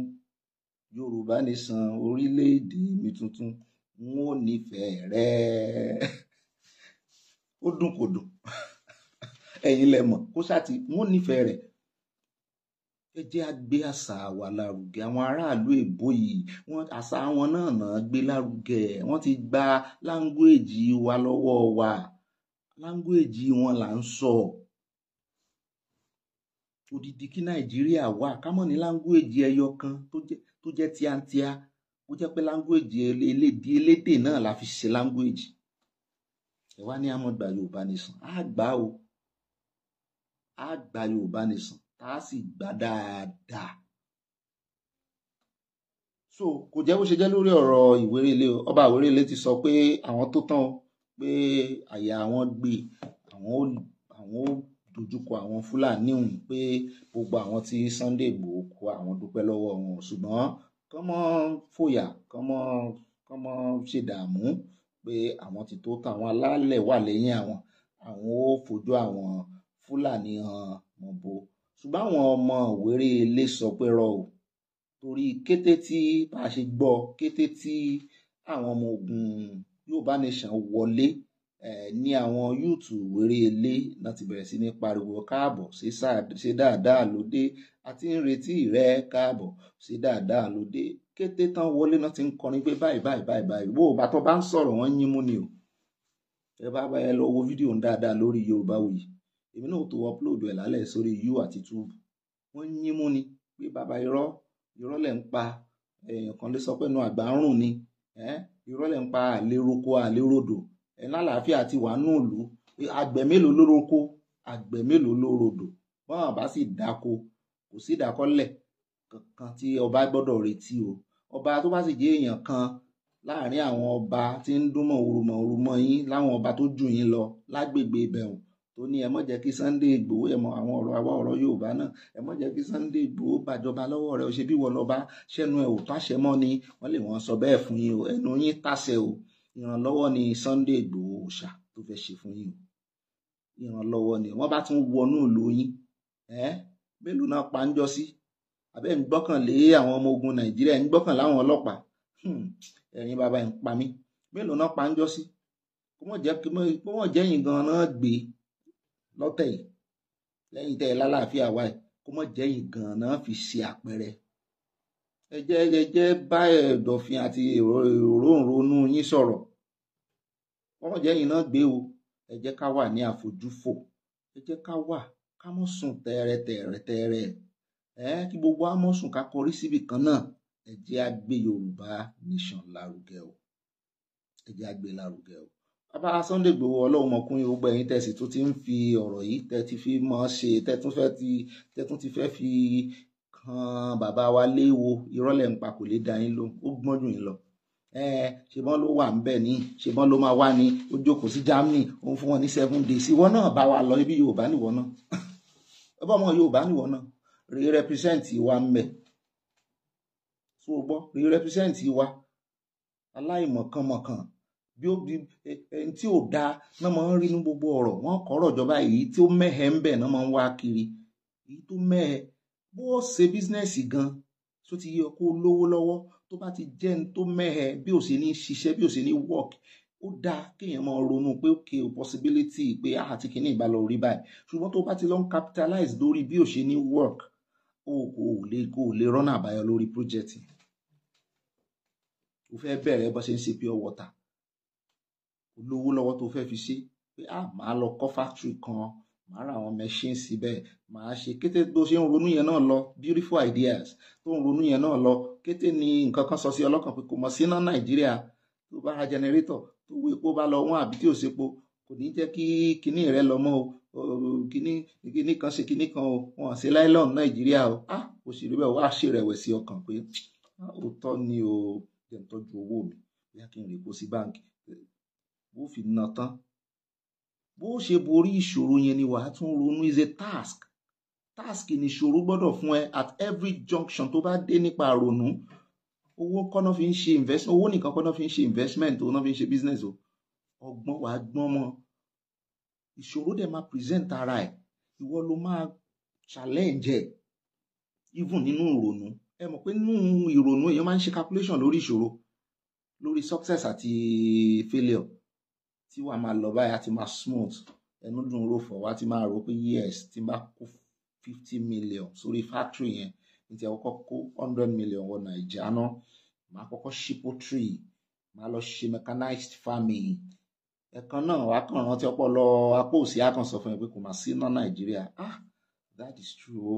Yorùbá Nation orílẹ̀-èdè mi tuntun n ó nífẹ̀ẹ́ rẹ̀ ó dùn kò dùn ẹ̀yin lẹ mọ̀ kó sáà ti n nífẹ̀ẹ́ rẹ̀ ẹ jẹ́ á gbé àṣà wa lárugẹ àwọn aráàlú èbó yìí wọ́n àṣà wọn náà náà gbé lárugẹ wọ́n ti gba láńgóèjì wa lọ́wọ́ wa láńgóèjì wọn là ń sọ odidi kí nàìjíríà wà kámọ́ ní láńgóèjì ẹyọ kan tó jẹ́ tíátíá ó jẹ́ pé láńgóèjì elédè elédè náà la fi ṣe láńgóèjì ẹ wá ní àmọ́ gba yorùbá nìsàn á gbà ó á gba yorùbá nìsàn tá a sì gbà dáadáa so kò jẹ́ bó ṣe jẹ́ lórí ọ̀rọ̀ ìwérélé o ọba ìwérélé ti sọ pé àwọn tó tán o pé àyà àwọn gbé àwọn ó àwọn ó dojúkọ àwọn fúlàní ọ̀hún pé gbogbo àwọn tí Sunday Igboho kó àwọn dúpẹ́ lọ́wọ́ wọn ṣùgbọ́n kán mọ́ fòyà kán mọ́ kán mọ́ ṣe dààmú pé àwọn ti tó tán àwọn alálẹ̀ wà lẹ́yìn àwọn àwọn ó fojú àwọn fúlàní hàn mọ́bo ṣùgbọ́n àwọn ọmọ Ìwéré Ilé sọ pé rọ o torí kété tí bá a ṣe gbọ́ kété tí àwọn ọmọ ogun Yorùbá Nation wọlé ní àwọn yúùtù Ìwéré Ilé láti bẹ̀rẹ̀ sí ní pariwo káàbọ̀ ṣe dáadáa lóde àti ń retí rẹ káàbọ̀ ṣe dáadáa lóde kété tán wọlé náà ti ń kọrin pé báyìí báyìí báyìí báyìí wo bàtọ́ bá ń sọ̀rọ̀ wọ́n yín mú ni o ẹ bá bá ẹ lọ wo fídíò ń dáadáa lórí Yorùbá Wuyì èmi náà tó upload ẹ̀ lálẹ́ sórí you àti tube wọ́n yín mú ni pé bàbá irọ́ irọ́ lẹ̀ ń pa èèyàn kan lè sọ pé nu àgbà ń rùn ni irọ́ lẹ̀ ń pa àléroko àlérodò ẹ̀ lálàáfíà ti wà nù ìlú àgbẹ̀ mélòó lóroko àgbẹ̀ mélòó lórodò wọ́n bá sì dáko kò sí ìdákọ́lẹ̀ kankan tí ọba gbọ́dọ̀ retí o ọba tó bá sì jẹ́ èèyàn kan láàrin àwọn ọba tí ń dúnmọ̀ orúmọ̀ orúmọ̀ yín láwọn ọba tó jù yín lọ lágbègbè ibẹ̀hùn tó ní ẹ má kí Sunday Igboho ẹ mọ àwọn ọ̀rọ̀ àwa ọ̀rọ̀ Yorùbá náà ẹ má kí Sunday Igboho bàjọba lọ́wọ́ rẹ̀ ó ṣe bí wọ́n lọ́ba ṣẹ́nu ẹ̀ ò táṣẹ mọ́ ni wọ́n lè wọ́n sọ bẹ́ẹ̀ fún yín o ẹnu yín tàṣẹ o ìrànlọ́wọ́ ni Sunday Igboho òòṣà tó fẹ́ ṣe fún yín o ìrànlọ́wọ́ ni wọ́n bá tún wọnú ìlú yín ẹ́ mélòó náà pa ń jọ sí àbẹ́ ń gbọ́kànlé àwọn ọmọ ogun Nàìjíríà ń gbọ́kànlé àwọn ọlọ́pàá hmm, ẹ̀yin bàbá ẹ̀ ń pa mí mélòó náà pa ń jọ sí kó mọ̀ jẹ́ yín náà gbé lọ́tẹ̀ yìí lẹ́yìn tẹ́ ẹ lálàáfíà wa ẹ̀ kó mọ̀ jẹ́ yìí gan-an fi ṣe àpẹẹrẹ ẹ jẹ́ ẹ jẹ́ bá ẹ̀dọ̀fin àti ìrònúronú yín sọ̀rọ̀ wọ́n jẹ́ yìí náà gbé o ẹ jẹ́ ká wà ní àfojúfò ẹ jẹ́ ká wà ká mọ̀ sùn tẹ́rẹ̀tẹ́rẹ̀tẹ́rẹ̀ ẹ kí gbogbo á mọ̀ sùn ká kọrí síbì kan náà ẹ jẹ́ á Yorùbá nation lárugẹ o ẹ jẹ́ á lárugẹ o bàbá Sunday Igboho ọlọ́run mọ̀kún gbogbo ẹ̀yin tẹ̀sí tó ti ń fi ọ̀rọ̀ yìí tẹ́ ti fi mọ̀ ṣe tẹ́ tún fẹ́ ti tẹ́ tún ti fẹ́ fi kan bàbá wa léwo ìrọ́lẹ̀ ń pa kò lè da yín ló ó gbọ́n jù yín lọ ṣebọ́n ló wà ńbẹ̀ ní ṣebọ́n ló máa wá ní ó jókòó sí Germany ó ń fún wọn ní seven days ìwọ náà bá wa lọ ibi Yorùbá nìwọ náà ọba ọmọ Yorùbá nìwọ náà rí represent wa ńbẹ̀ tó o gbọ́ rí represent wa aláìmọ̀kànmọ̀kàn bí ó bí ẹni tí ò dáa náà máa ń rí ní gbogbo ọ̀rọ̀ wọ́n kọ́rọ̀ ìjọba èyí tí ó mẹ́hẹ̀ ń bẹ̀ náà máa ń wá kiri èyí tó mẹ́hẹ̀ bó o ṣe bísínẹ́sì gan tó ti yẹ kó lówó lọ́wọ́ tó bá ti jẹ́ ní tó mẹ́hẹ̀ bí ò ṣe ní ṣiṣẹ́ bí ò ṣe ní work ó dáa kéèyàn máa ronú pé ok possibility pé a àti kìíní ìbá lọ rí báyìí ṣùgbọ́n tó bá ti lọ ń capitalize lórí bí ò ṣe ní work o kò lè kò lè rọ́nà àbáyọ lórí project o fẹ́ bẹ̀rẹ̀ bó ṣe ń ṣe pure water olówó lọ́wọ́ tó fẹ́ fi ṣe pé à ah, máa lọ kọ́ factory kan màá ra àwọn machine síbẹ̀ màá ṣe kété tó ṣe ń ronú yẹn náà lọ beautiful ideas tó ń ronú yẹn náà lọ kété ni nǹkan kan sọ sí ọlọ́kàn pé kò mọ̀ sí iná nàìjíríà tó bá ra generator tó wo epo bá lọ wọ́n àbí tí ò sepo kò ní jẹ́ kí kinní rẹ lọ mọ́ o kinní kinní kan ṣe kinní kan o wọn ṣe nylon nàìjíríà o ah òṣèré bẹ́ẹ̀ wá ṣèrèwẹ̀sì ọkàn pé ah, òótọ́ ni o jẹ́ ń tọ́jú owó mi bí a kì í rè kó sí bó fi na tán bó ṣe borí ìṣòro yẹn ni wàá tún ronú is a task task ni ìṣòro gbọ́dọ̀ fún ẹ at every junction tó bá dé nípa ronú owó kọ́nà fi ń ṣe investment owó nìkan kọ́nà fi ń ṣe investment tó náà fi ń ṣe business o ọgbọ́n wàá gbọ́n mọ́ ìṣòro dẹ̀ máa present ara ẹ̀ ìwọ ló máa challenge ẹ̀ even nínú ìrònú ẹ mọ̀ pé nínú ìrònú èèyàn máa ń ṣe calculation lórí ìṣòro lórí success àti failure tí wàá máa lọ báyìí á máa smooth ẹnu dùn rò fọ wá ti máa rò pé yes tí bá kó fifty million sórí factory yẹn ní ti àkọ́kọ́ kó hundred million wọ nàìjíríà náà màá kọ́kọ́ ṣí poultry màá lọ ṣe mechanized farming ẹ̀kan náà wàá kàn rántí ọpọlọ apò òsì àkànṣọ fún ẹ pé kò má sí iná nàìjíríà ah that is true o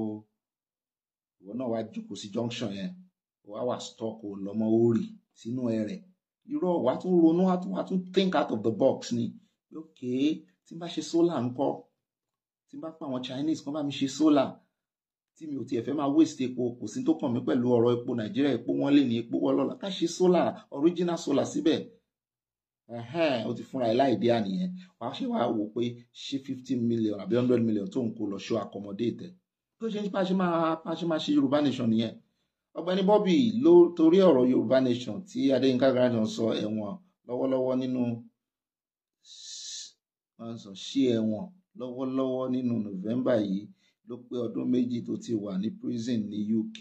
ìwọ náà wàá jókòó sí junction yẹn wàá wà stock o lọmọ orí sínú ẹrẹ̀ irọ́ wàá tún ronú wàá tún think out of the box ni ok tí n bá ṣe solar ńkọ́ tí n bá pa àwọn Chinese kan bá mi ṣe solar tí mi ò tiẹ̀ fẹ́ máa waste epo kò sí tó kàn mí pẹ̀lú ọ̀rọ̀ epo Nàìjíríà epo wọn lè ní epo wọn lọ́la ká ṣe solar original solar síbẹ̀ o ti fúnra ẹ̀ láì dé àníyẹn wàá ṣe wàá wò pé ṣé fifty million àbí hundred million tó ń kó lọ ṣó accommodate ẹ̀ tó ṣe pa ṣe máa ṣe Yorùbá nation nìyẹn ọ̀gbẹ́ni Bobby ló torí ọ̀rọ̀ Yorùbá Nation tí Adéyínká Grandson sọ ẹ̀wọ̀n lọ́wọ́lọ́wọ́ nínú sí ẹ̀wọ̀n lọ́wọ́lọ́wọ́ nínú November yìí ló pé ọdún méjì tó ti wà ní prison ní UK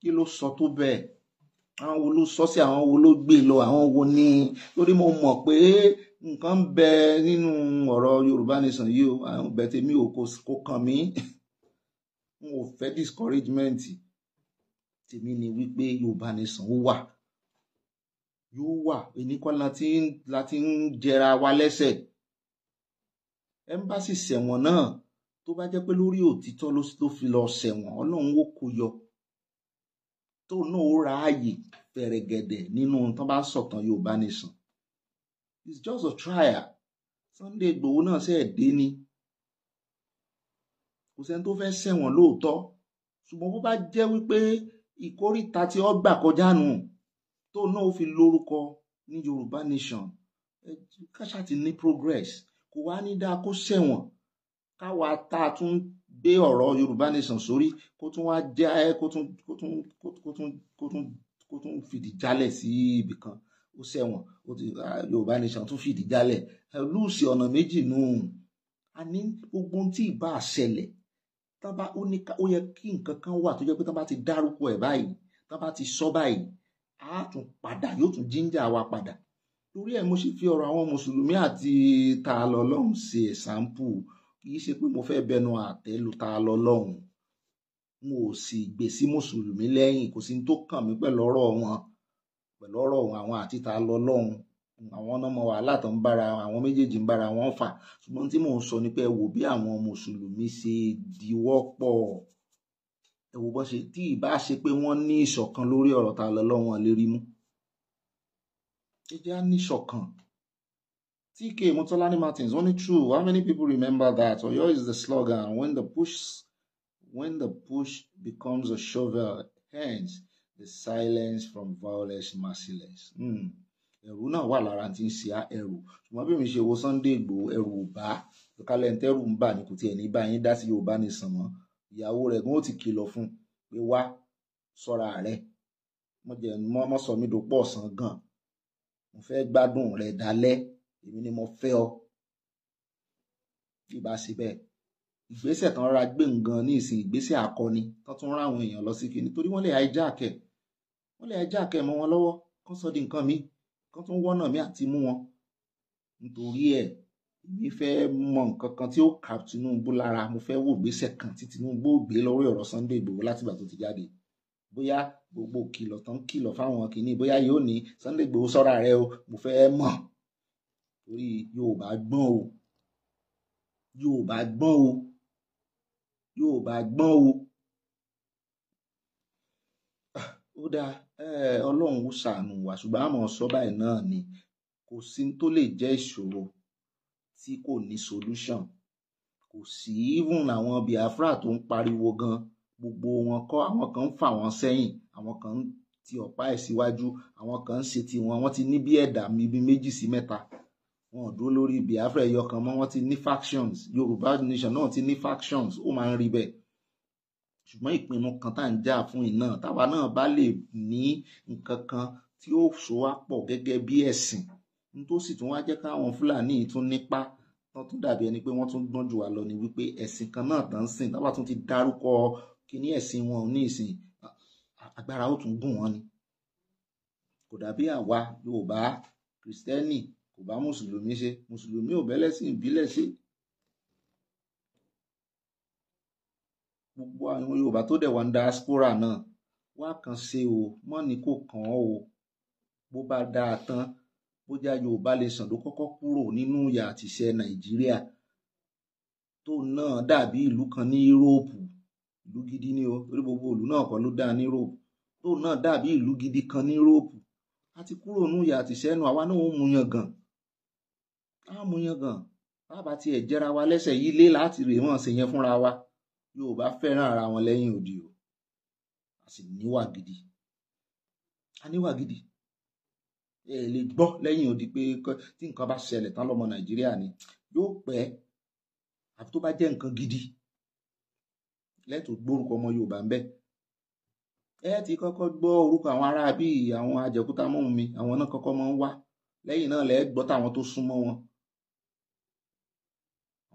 kí ló sọ tó bẹ́ẹ̀ àwọn wo ló sọ sí àwọn wo ló gbé lọ àwọn wo ni torí mo mọ̀ pé nǹkan ń bẹ nínú ọ̀rọ̀ Yorùbá Nation yìí o àwọn bẹ̀tẹ̀ mi ò kò kàn mí n ò fẹ́ discouragement tèmi ni wípé Yorùbá Nation ó wà yóò wà ènìkan láti ń jẹra wa lẹ́sẹ̀ ẹmbásì ṣẹ̀wọ̀n náà tó bá jẹ́ pé lórí òtítọ́ ló fi lọ ṣẹ̀wọ̀n Ọlọ́run ó kó yọ tó náà ó ráàyè fẹ̀rẹ̀gẹ̀dẹ̀ nínú tó bá sọ̀tàn Yorùbá Nation it's just a trial Sunday Igboho náà ṣe dé ni kò sẹ́ni tó fẹ́ ṣẹ̀wọ̀n lóòótọ́ ṣùgbọ́n bó bá jẹ́ wípé ìkóríta tí ó gbà kọjá nù tó náà ó fi lórúkọ ní Yorùbá nation káṣá ti ní progress kò wá ní dáa kó ṣẹ̀wọ̀n káwa tá a tún gbé ọ̀rọ̀ Yorùbá nation sórí kó tún wá já ẹ kó tún kó tún kó tún kó tún kó tún fìdí jálẹ̀ sí ibì kan ó ṣẹ̀wọ̀n Yorùbá nation tún fìdí jálẹ̀ lùsì ọ̀nà méjì nù a ní gbogbo ohun tí ì bá ṣẹlẹ̀ tán bá ó ní ó yẹ kí nǹkan kan wà tó jẹ́ pé tán bá ti dárúkọ ẹ̀ báyìí tán bá ti sọ báyìí á tún padà yóò tún jíńjà wa padà torí ẹ̀ mo sì fi ọ̀rọ̀ àwọn mùsùlùmí àti ta lọ lọ́hùn ṣe ẹ̀sàmpù kì í ṣe pé mo fẹ́ bẹnu àtẹ́ lu ta n ò sì gbè sí mùsùlùmí lẹ́yìn kò sí ní tó kàn mí pẹ̀lú ọ̀rọ̀ wọn pẹ̀lú ọ̀rọ̀ àwọn àti ta àwọn ọmọ wàhálà tó ń bára àwọn méjèèjì ń bára wọn fà ṣùgbọ́n tí mò ń sọ ni pé ẹ wò bí àwọn mùsùlùmí ṣe diwọ́pọ̀ ẹ wò bó ṣe tí ìbá ṣe pé wọ́n ní ìṣọ̀kan lórí ọ̀rọ̀ ta lọ lọ́wọ́n lérí mú jẹjẹ á ní ìṣọ̀kan TK Motolani Martins only true how many people remember that Oyo is the slogan when the push when the push becomes a shovel hence the silence from violence merciless. Mm ẹ̀rù náà wà lára tí ń ṣe ẹ̀rù ṣùgbọ́n bí mi ṣe wo Sunday Igboho ẹ̀rù ò bá kálẹ̀ntẹ́rù ń bà ní kò tiẹ̀ ní bá yín dá sí Yorùbá ní sàn mọ́ ìyàwó rẹ̀ gan ó ti kìlọ̀ fún pé wá sọ́ra rẹ̀ mo jẹ́ mọ́ sọ mí dopọ̀ ọ̀sán gan mo fẹ́ gbádùn rẹ̀ dalẹ́ èmi ni mo fẹ́ ọ bí ba ṣe bẹ́ẹ̀ ìgbésẹ̀ kan rárá gbé nǹkan ní ìsìn ìgbésẹ̀ akọni tó tún rán àwọn èèyàn lọ sí kí nítorí wọ́n lè hijack ẹ̀ wọ́n lè hijack ẹ̀ mọ́ wọn lọ́wọ́ kó sọ di nǹkan míì kán tún wọ́nà mí àti mú wọn nítorí ẹ̀ èmi fẹ́ mọ nǹkan kan tí ó kà Tinubu lára mo fẹ́ wò gbésẹ̀ kan tí Tinubu gbé lórí ọ̀rọ̀ Sunday Igboho látìgbà tó ti jáde bóyá gbogbo kìlọ̀ tán kìlọ̀ fáwọn kìíní bóyá yóò ní Sunday Igboho sọ́ra rẹ o mo fẹ́ mọ̀ torí Yorùbá gbọ́n o Yorùbá gbọ́n o Yorùbá gbọ́n o ah, ó dáa Eh, ọlọ́run ó ṣàánú wa ṣùgbọ́n àmọ́ sọ báyìí náà ni kò sí tó lè jẹ́ ìṣòro tí kò ní solution kò sí even àwọn Biafra tó ń pariwo gan gbogbo wọn kọ́ àwọn kan ń fà wọ́n sẹ́yìn àwọn kan ń ti ọ̀pá ẹ̀ síwájú àwọn kan ń ṣe tiwọn wọ́n ti ní bí ẹ̀dá mi bí méjì sí mẹ́ta wọn ò dúró lórí Biafra ẹ̀yọ kan mọ́ wọ́n ti ní factions Yorùbá nation náà ti ní factions ó máa ń rí bẹ́ẹ̀ ṣùgbọ́n ìpinnu kan tá à ń jà fún iná táwa náà bá lè ní nǹkan kan tí ó so wá pọ̀ gẹ́gẹ́ bí ẹ̀sìn n tó sì tún wá jẹ́ káwọn Fúlàní tún nípa tán tún dàbí ẹni pé wọ́n tún gbọ́n jù wá lọ ni wípé ẹ̀sìn kan náà tán sìn táwa tún ti dárúkọ kíní ẹ̀sìn wọn ní ìsìn agbára ó tún gùn wọn ni kò dàbí àwa Yorùbá Kristẹni kò bá mùsùlùmí ṣe mùsùlùmí ò bẹ́lẹ́sìn ìbílẹ̀ ṣe gbogbo àwọn Yorùbá tó dẹ̀ wà ní diaspora náà wá kàn ṣe o mọ́ ni kò kàn o bó bá dáa tán bó já Yorùbá lè sàn ló kọ́kọ́ kúrò nínú ìyà àtìṣe Nàìjíríà tó náà dàbí ìlú kan ní Yúróòpù ìlú gidi ni o torí gbogbo ìlú náà kọ́ ló dáa ní Yúróòpù tó náà dàbí ìlú gidi kan ní Yúróòpù a ti kúrò nínú ìyà àtìṣe nu àwa náà ó mu yangàn á mu yangàn bàbá tiẹ̀ jẹra wa lẹ́sẹ̀ yìí lé láti rè mọ́ ṣe yẹn fúnra wa. Yorùbá fẹ́ràn ara wọn lẹ́yìn odi o a sì níwà gidi a níwà gidi ẹ lè gbọ́ lẹ́yìn odi pé tí nǹkan bá ṣẹlẹ̀ tán lọ́mọ Nàìjíríà ni yóò pẹ́ àfi tó bá jẹ́ nǹkan gidi lẹ́tọ̀ gbórúkọ ọmọ Yorùbá ń bẹ ẹ ti kọ́kọ́ gbọ́ orúkọ àwọn ará bíi àwọn àjẹkúta mọ́mú mi àwọn náà kọ́kọ́ máa ń wá lẹ́yìn náà lẹ́ẹ̀ táwọn tó súnmọ́ wọn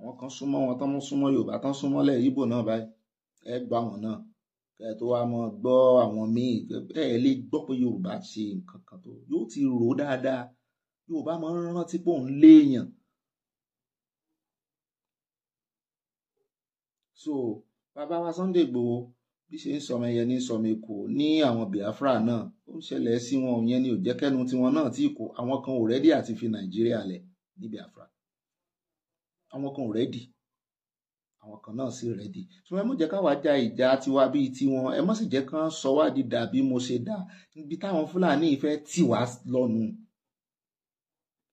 àwọn kan súnmọ́ wọn tán súnmọ́ Yorùbá tán súnmọ́ lẹ̀ Ìgbò náà báyìí ẹ gbọ́ àwọn náà kẹ tó wá mọ gbọ́ àwọn míì ẹ lè gbọ́ pé Yorùbá ṣe nǹkan kan tó yóò ti rò ó dáadáa Yorùbá máa ń rántí pé òun léèyàn so bàbá wa Sunday Igboho bí ṣe ń sọmọ ẹyẹ ní sọmọ èkó ní àwọn Biafra náà ó ń ṣẹlẹ̀ sí wọn ìyẹn ni ò jẹ́ kẹ́nu tiwọn náà tí kò àwọn kan ò rẹ́dí àti fi Nàìjíríà lẹ̀ ní Biafra àwọn kan ò rẹ́dì àwọn kan náà sì rẹ́dì ṣùgbọ́n ẹ mọ̀ jẹ́ káwa ja ìjà tiwa bíi tiwọn ẹ mọ̀ sì jẹ́ kán sọ wá di dà bí mo ṣe dà ibi táwọn fúlàní fẹ́ tì wá lọ́nu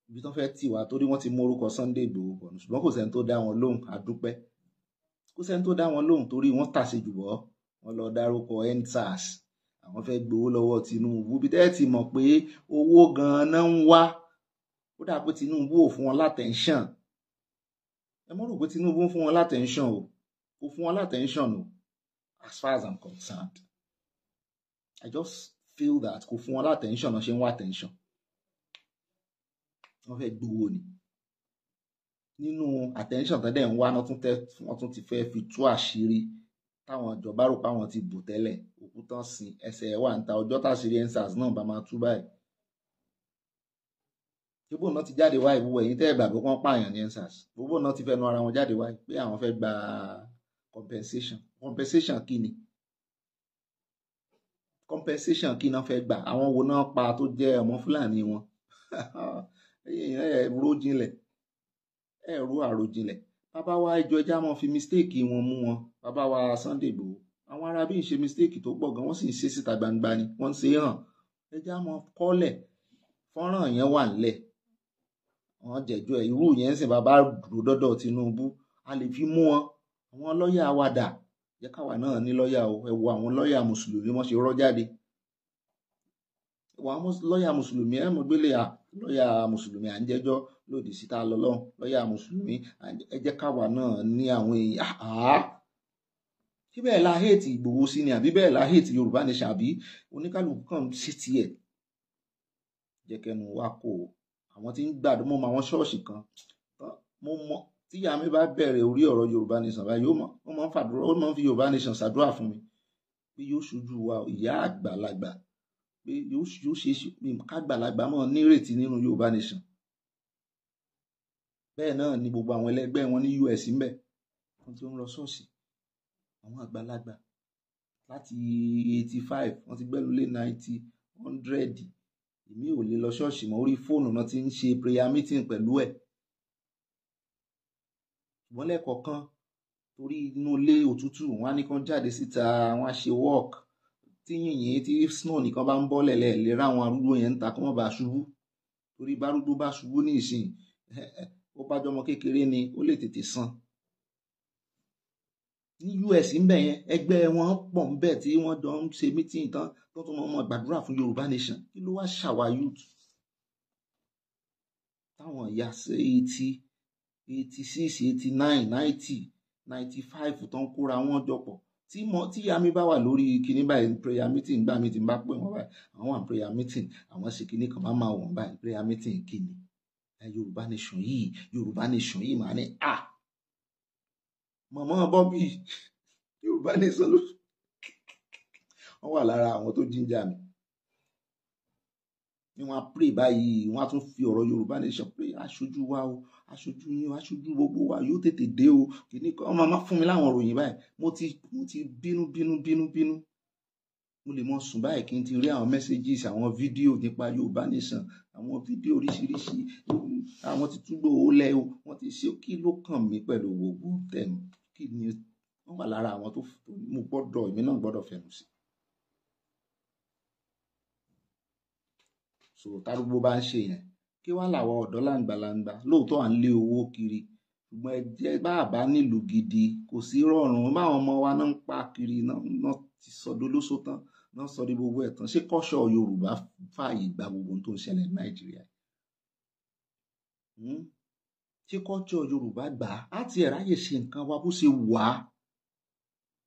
ibi tán fẹ́ tì wá torí wọ́n ti mú orúkọ Sunday Igboho bọ̀nù ṣùgbọ́n kò sẹ́ni tó dá wọn lóhùn àdúpẹ́ kò sẹ́ni tó dá wọn lóhùn torí wọ́n tàṣejù bọ́ wọ́n lọ dárúkọ endsars àwọn fẹ́ gbowó lọ́wọ́ Tinubu bí tẹ́ẹ̀ ti mọ̀ pé owó gan-an ń wá ó dà pé Tinubu ò fún wọn látẹ̀ńṣàn ẹ mọ́ rò pé Tinubu ń fún wọn látẹ̀ńṣàn o ó fún wọn látẹ̀ńṣàn o as far as I'm concerned I just feel that kò fún wọn látẹ̀ńṣàn náà ṣe ń wá tẹ̀ńṣàn wọ́n fẹ́ gbowó ni nínú attention tẹ́lẹ̀ ń wá wọ́n tún ti fẹ́ fi tú àṣírí táwọn ìjọba rò pé àwọn ti bò tẹ́lẹ̀ òkú tán sin ẹsẹ̀ wà ń ta ọjọ́ tàṣírí ensars náà bá máa tú báyìí gbogbo náà ti jáde wá ìwúwo ẹ̀yìn tẹ́ ẹ̀ gbàgbọ́ pọ́n pààyàn ní ensars gbogbo náà ti fẹnu ara wọn jáde wá pé àwọn fẹ́ gba compensation compensation kí ni compensation kí náà fẹ́ gbà àwọn wo náà pa tó jẹ́ ọmọ fúlàní wọn ẹ ro jinlẹ̀ ẹ ro àròjinlẹ̀ bàbá wa ìjọ ẹja mọ́ fi mistake wọn mú wọn bàbá wa Sunday Igboho àwọn ará bí ń ṣe mistake tó pọ̀ gan wọ́n sì ń ṣe síta gbangba ni wọ́n ń ṣe hàn ẹja mọ́ kọ́lẹ̀ fọ́nrán yẹn wà nílẹ̀ wọn jẹjọ ẹ irú yẹn sìn bàbá dúró dọdọ Tinubu a lè fi mú wọn àwọn lọ́ọ̀yà wa dà jẹ káwa náà ní lọ́ọ̀yà o ẹ wo àwọn lọ́ọ̀yà mùsùlùmí wọn ṣe rọ́ jáde wọn lọ́ọ̀yà mùsùlùmí ẹ mọ̀ gbélé à lọ́ọ̀yà mùsùlùmí à ń jẹjọ́ lòdì síta lọ́lọ́run lọ́ọ̀yà mùsùlùmí ẹ jẹ́ káwa náà ní àwọn èèyàn àá ṣé bẹ́ẹ̀ la hate Ìgbòho sí ni àbí bẹ́ẹ̀ la hate Yorùbá ni ṣàbí oníkálukú kan ṣe tiẹ̀ jẹ́ kẹnu wa kò àwọn tí ń gbàdúrà mo mọ àwọn ṣọ́ọ̀ṣì kan mo mọ tí ìyá mi bá bẹ̀rẹ̀ orí ọ̀rọ̀ yorùbá nation báyìí ó máa ń fàdúrà ó máa ń fi yorùbá nation ṣàdúrà fún mi pé yóò ṣojú wa ìyá àgbàlagbà pé yóò ṣe kágbàlagbà mọ̀ nírètí nínú yorùbá nation bẹ́ẹ̀ náà ni gbogbo àwọn ẹlẹgbẹ́ wọn ní us ń bẹ̀ wọ́n ti ń lọ ṣọ́ọ̀ṣì àwọn àgbàlagbà láti eighty five wọ́n ti gbẹ́lu lé ninety hundred èmi ò lè lọ ṣọ́ọ̀ṣì mọ́ orí fóònù náà ti ń ṣe prayer meeting pẹ̀lú ẹ̀ ṣùgbọ́n lẹ́ẹ̀kọ̀ọ̀kan torí inú ilé òtútù wọn á ní kán jáde síta wọn á ṣe walk tí yìnyín tí snow nìkan bá ń bọ́ lẹ̀lẹ̀ lè ráwọn arúgbó yẹn ń ta kó má bàa ṣubú torí bárúgbó bá ṣubú ní ìsìn ó bá jọmọ kékeré ni ó lè tètè san ní US ń bẹ̀ yẹn ẹgbẹ́ wọn pọ̀ ń bẹ̀ tí wọ́n jọ ń ṣe mítìn tán tó tún mọ̀ gbàdúrà fún Yorùbá nation kí ló wá ṣàwà youth táwọn ìyá ṣe eighty eighty six eighty nine ninety ninety five tó ń kóra wọn jọ tí mo tí yami bá wà lórí kinní báyìí prayer meeting gbà meeting, tí n bá pè wọn báyìí àwọn àwọn prayer meeting àwọn sì kinní kan bá máa wọ̀n báyìí prayer meeting kinní Yorùbá nation yìí Yorùbá nation yìí màá ní ah mọ̀mọ́ bọ́bí yorùbá ní sọ́lú wọ́n wà lára àwọn tó jíjà mi ni wọ́n á pè báyìí wọ́n á tún fi ọ̀rọ̀ yorùbá nation pé aṣojú wa o aṣojú yín aṣojú gbogbo wa yóò tètè dé o kìíní kọ́ ọmọ máa fún mi láwọn òròyìn báyìí mo ti mo ti bínú bínú bínú bínú mo lè mọ sùn báyìí kí n ti rí àwọn messages àwọn fídíò nípa yorùbá nation àwọn fídíò oríṣiríṣi àwọn ti túbọ̀ ó lẹ́ o wọ́n ti ṣe kí ló kàn mí pẹ̀lú gbogbo tẹ̀mí kí ni wọ́n wà lára àwọn tó mo gbọ́dọ̀ èmi náà gbọ́dọ̀ fẹnu sí. so tárúgbó bá ń ṣe yẹn kí wọ́n làwọn ọ̀dọ́ làǹgbàlàǹgbà lóòótọ́ à ń lé owó kiri ṣùgbọ́n ẹ jẹ́ bá a bá nílùú gidi kò sí rọrùn báwọn ọmọ wa náà ń pa kiri náà ti sọdọ lóṣó tán náà sọ ní gbogbo ẹ̀tàn ṣé kọ́ṣọ́ Yorùbá fààyè gba gbogbo ohun tó ń ṣẹlẹ̀ ní Nàìjíríà hmm? tí kọ́jọ́ yorùbá gbà á á ti ráyè ṣe nǹkan wa bó ṣe wà á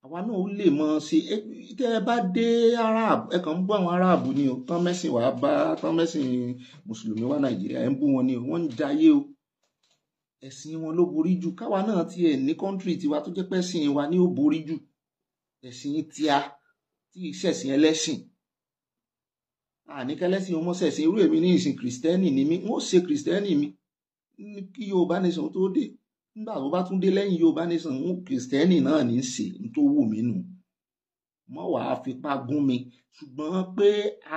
àwa náà ó lè mọ ṣe tẹ ẹ bá dé arab ẹ kàn ń bú àwọn aráàbù ni o tán mẹ́sìn wàá bá tán mẹ́sìn mùsùlùmí wá nàìjíríà ẹ ń bú wọn ni o wọ́n ń jayé o ẹ̀sìn wọn ló borí jù káwa náà tiẹ̀ ní kọ́ńtírì tiwa tó jẹ́ pé ẹ̀sìn wa ni ó borí jù ẹ̀sìn tíá tí ìṣẹ̀sìn ẹlẹ́sìn àníkẹ́lẹ́sìn ọmọ ṣẹ̀sìn irú èmi ní ìsìn kìrìsìtẹ́nì ni mí wọ́n ṣe kìrìsìtẹ́nì mi kí yorùbá nation tó dé nígbà tó bá tún dé lẹ́yìn yorùbá nation ń kìrìsìtẹ́nì náà ní í ṣe ní tó wù mí nù mọ́ wàá fipá gún mi ṣùgbọ́n pé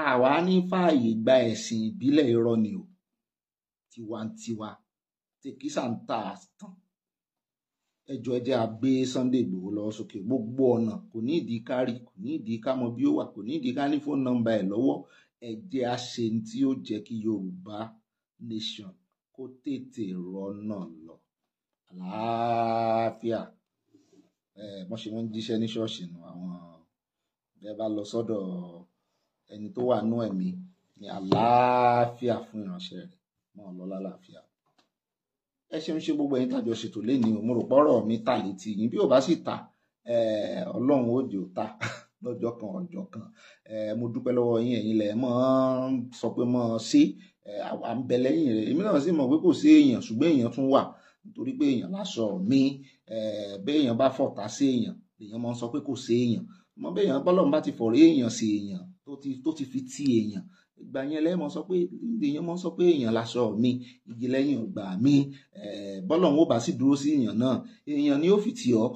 àwa ní fààyè gba ẹ̀sìn ìbílẹ̀ irọ́ ni o tiwantiwa tèkísà ń ta àtàn ẹjọ́ ẹjẹ àgbé Sunday Igboho lọ sókè gbogbo ọ̀nà kò ní ìdí kárí kò ní ìdí kámọ bí ó wà kò ní ìdí ká ní fóònù nọ́mbà ẹ̀ lọ́wọ́ ẹjẹ àṣẹ tí ó jẹ́ kí Yorùbá nation kó tètè rọ́nà lọ àlàáfíà wọ́n ṣe wọ́n jíṣẹ́ ní ṣọ́ọ̀ṣì nu àwọn bẹ́ẹ̀ bá lọ sọ́dọ̀ ẹni tó wà nú ẹ̀mí ní àlàáfíà fún ìránṣẹ́ rẹ̀ máa lọ lálàáfíà ẹ ṣeun ṣe gbogbo ẹ̀yin tàbí ọṣètò lẹ́ni mo rò pọ́rọ̀ mi tà létí yín bí ò bá sì ta ọlọ́run ó jò ta lọ́jọ́ kan ọjọ́ kan mo dúpẹ́ lọ́wọ́ yín ẹ̀yin lẹ mọ̀ sọ pé mọ̀ sí àwa ń bẹ lẹ́yìn rẹ̀ èmi náà sì mọ̀ pé kò sí èèyàn ṣùgbọ́n èèyàn tún wà nítorí pé èèyàn lásọ mi béèyàn bá fọ̀tá sí èèyàn èèyàn máa sọ pé kò sí èèyàn mọ béèyàn bọ́lọ́run bá ti fọ̀rọ̀ èèyàn sí èèyàn tó ti fi ti èèyàn ìgbà yẹn lẹ́yìn sọ pé èèyàn mọ sọ pé èèyàn lásọ mi igi lẹ́yìn ọgbà mi bọ́lọ́run ó bá sì dúró sí èèyàn náà èèyàn ni ó fi tì ọ́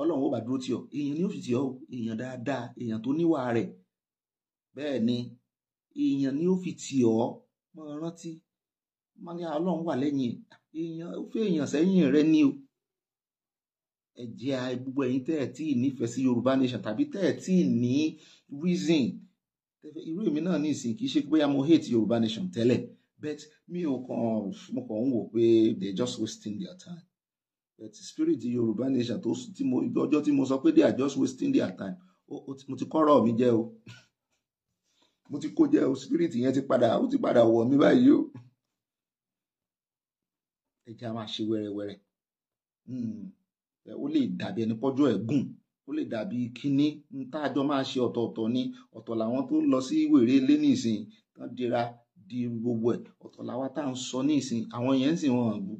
ọlọ́run ó bá dúró tì ọ́ èèyàn ní òfìtì ọ́ èèyàn dáadáa èèyàn tó níwà rẹ̀ bẹ́ẹ̀ ni èèyàn ní òfìtì ọ́ mọ rántí má ní ọlọ́run wà lẹ́yìn èèyàn ó fẹ́ èèyàn sẹ́yìn rẹ ní o ẹ̀jẹ̀ gbogbo ẹ̀yin tẹ́ ẹ̀ tí ì nífẹ̀ẹ́ sí Yorùbá nation tàbí tẹ́ ẹ̀ tí ì ní reason irú èmi náà ní ìsìn kì í ṣe bóyá mo hate Yorùbá nation tẹ́lẹ̀ but mi ò kàn mo kàn ń wò pé they just wasting their time tí spirit yorùbá nation tó tí mo ọjọ́ tí mo sọ pé they are just wasting their time mo ti kọ́rọ̀ mi jẹ́ o mo ti kó jẹ́ o spirit yẹn ti padà ó ti padà wọ̀ mí báyìí o ẹ jẹ́ a máa ṣe wẹ́rẹ́wẹ́rẹ́ hmm. ó lè dàbí ẹni pọ́jọ́ ẹ̀ gùn ó lè dàbí kínní ń tá àjọ máa ṣe ọ̀tọ̀ọ̀tọ̀ ni ọ̀tọ̀ làwọn tó ń lọ sí wèrè ilé nísìnyí tán dira di gbogbo ẹ̀ ọ̀tọ̀ làwa tá à ń sọ nísìnyí àwọn yẹn ń sìn wọn àgbò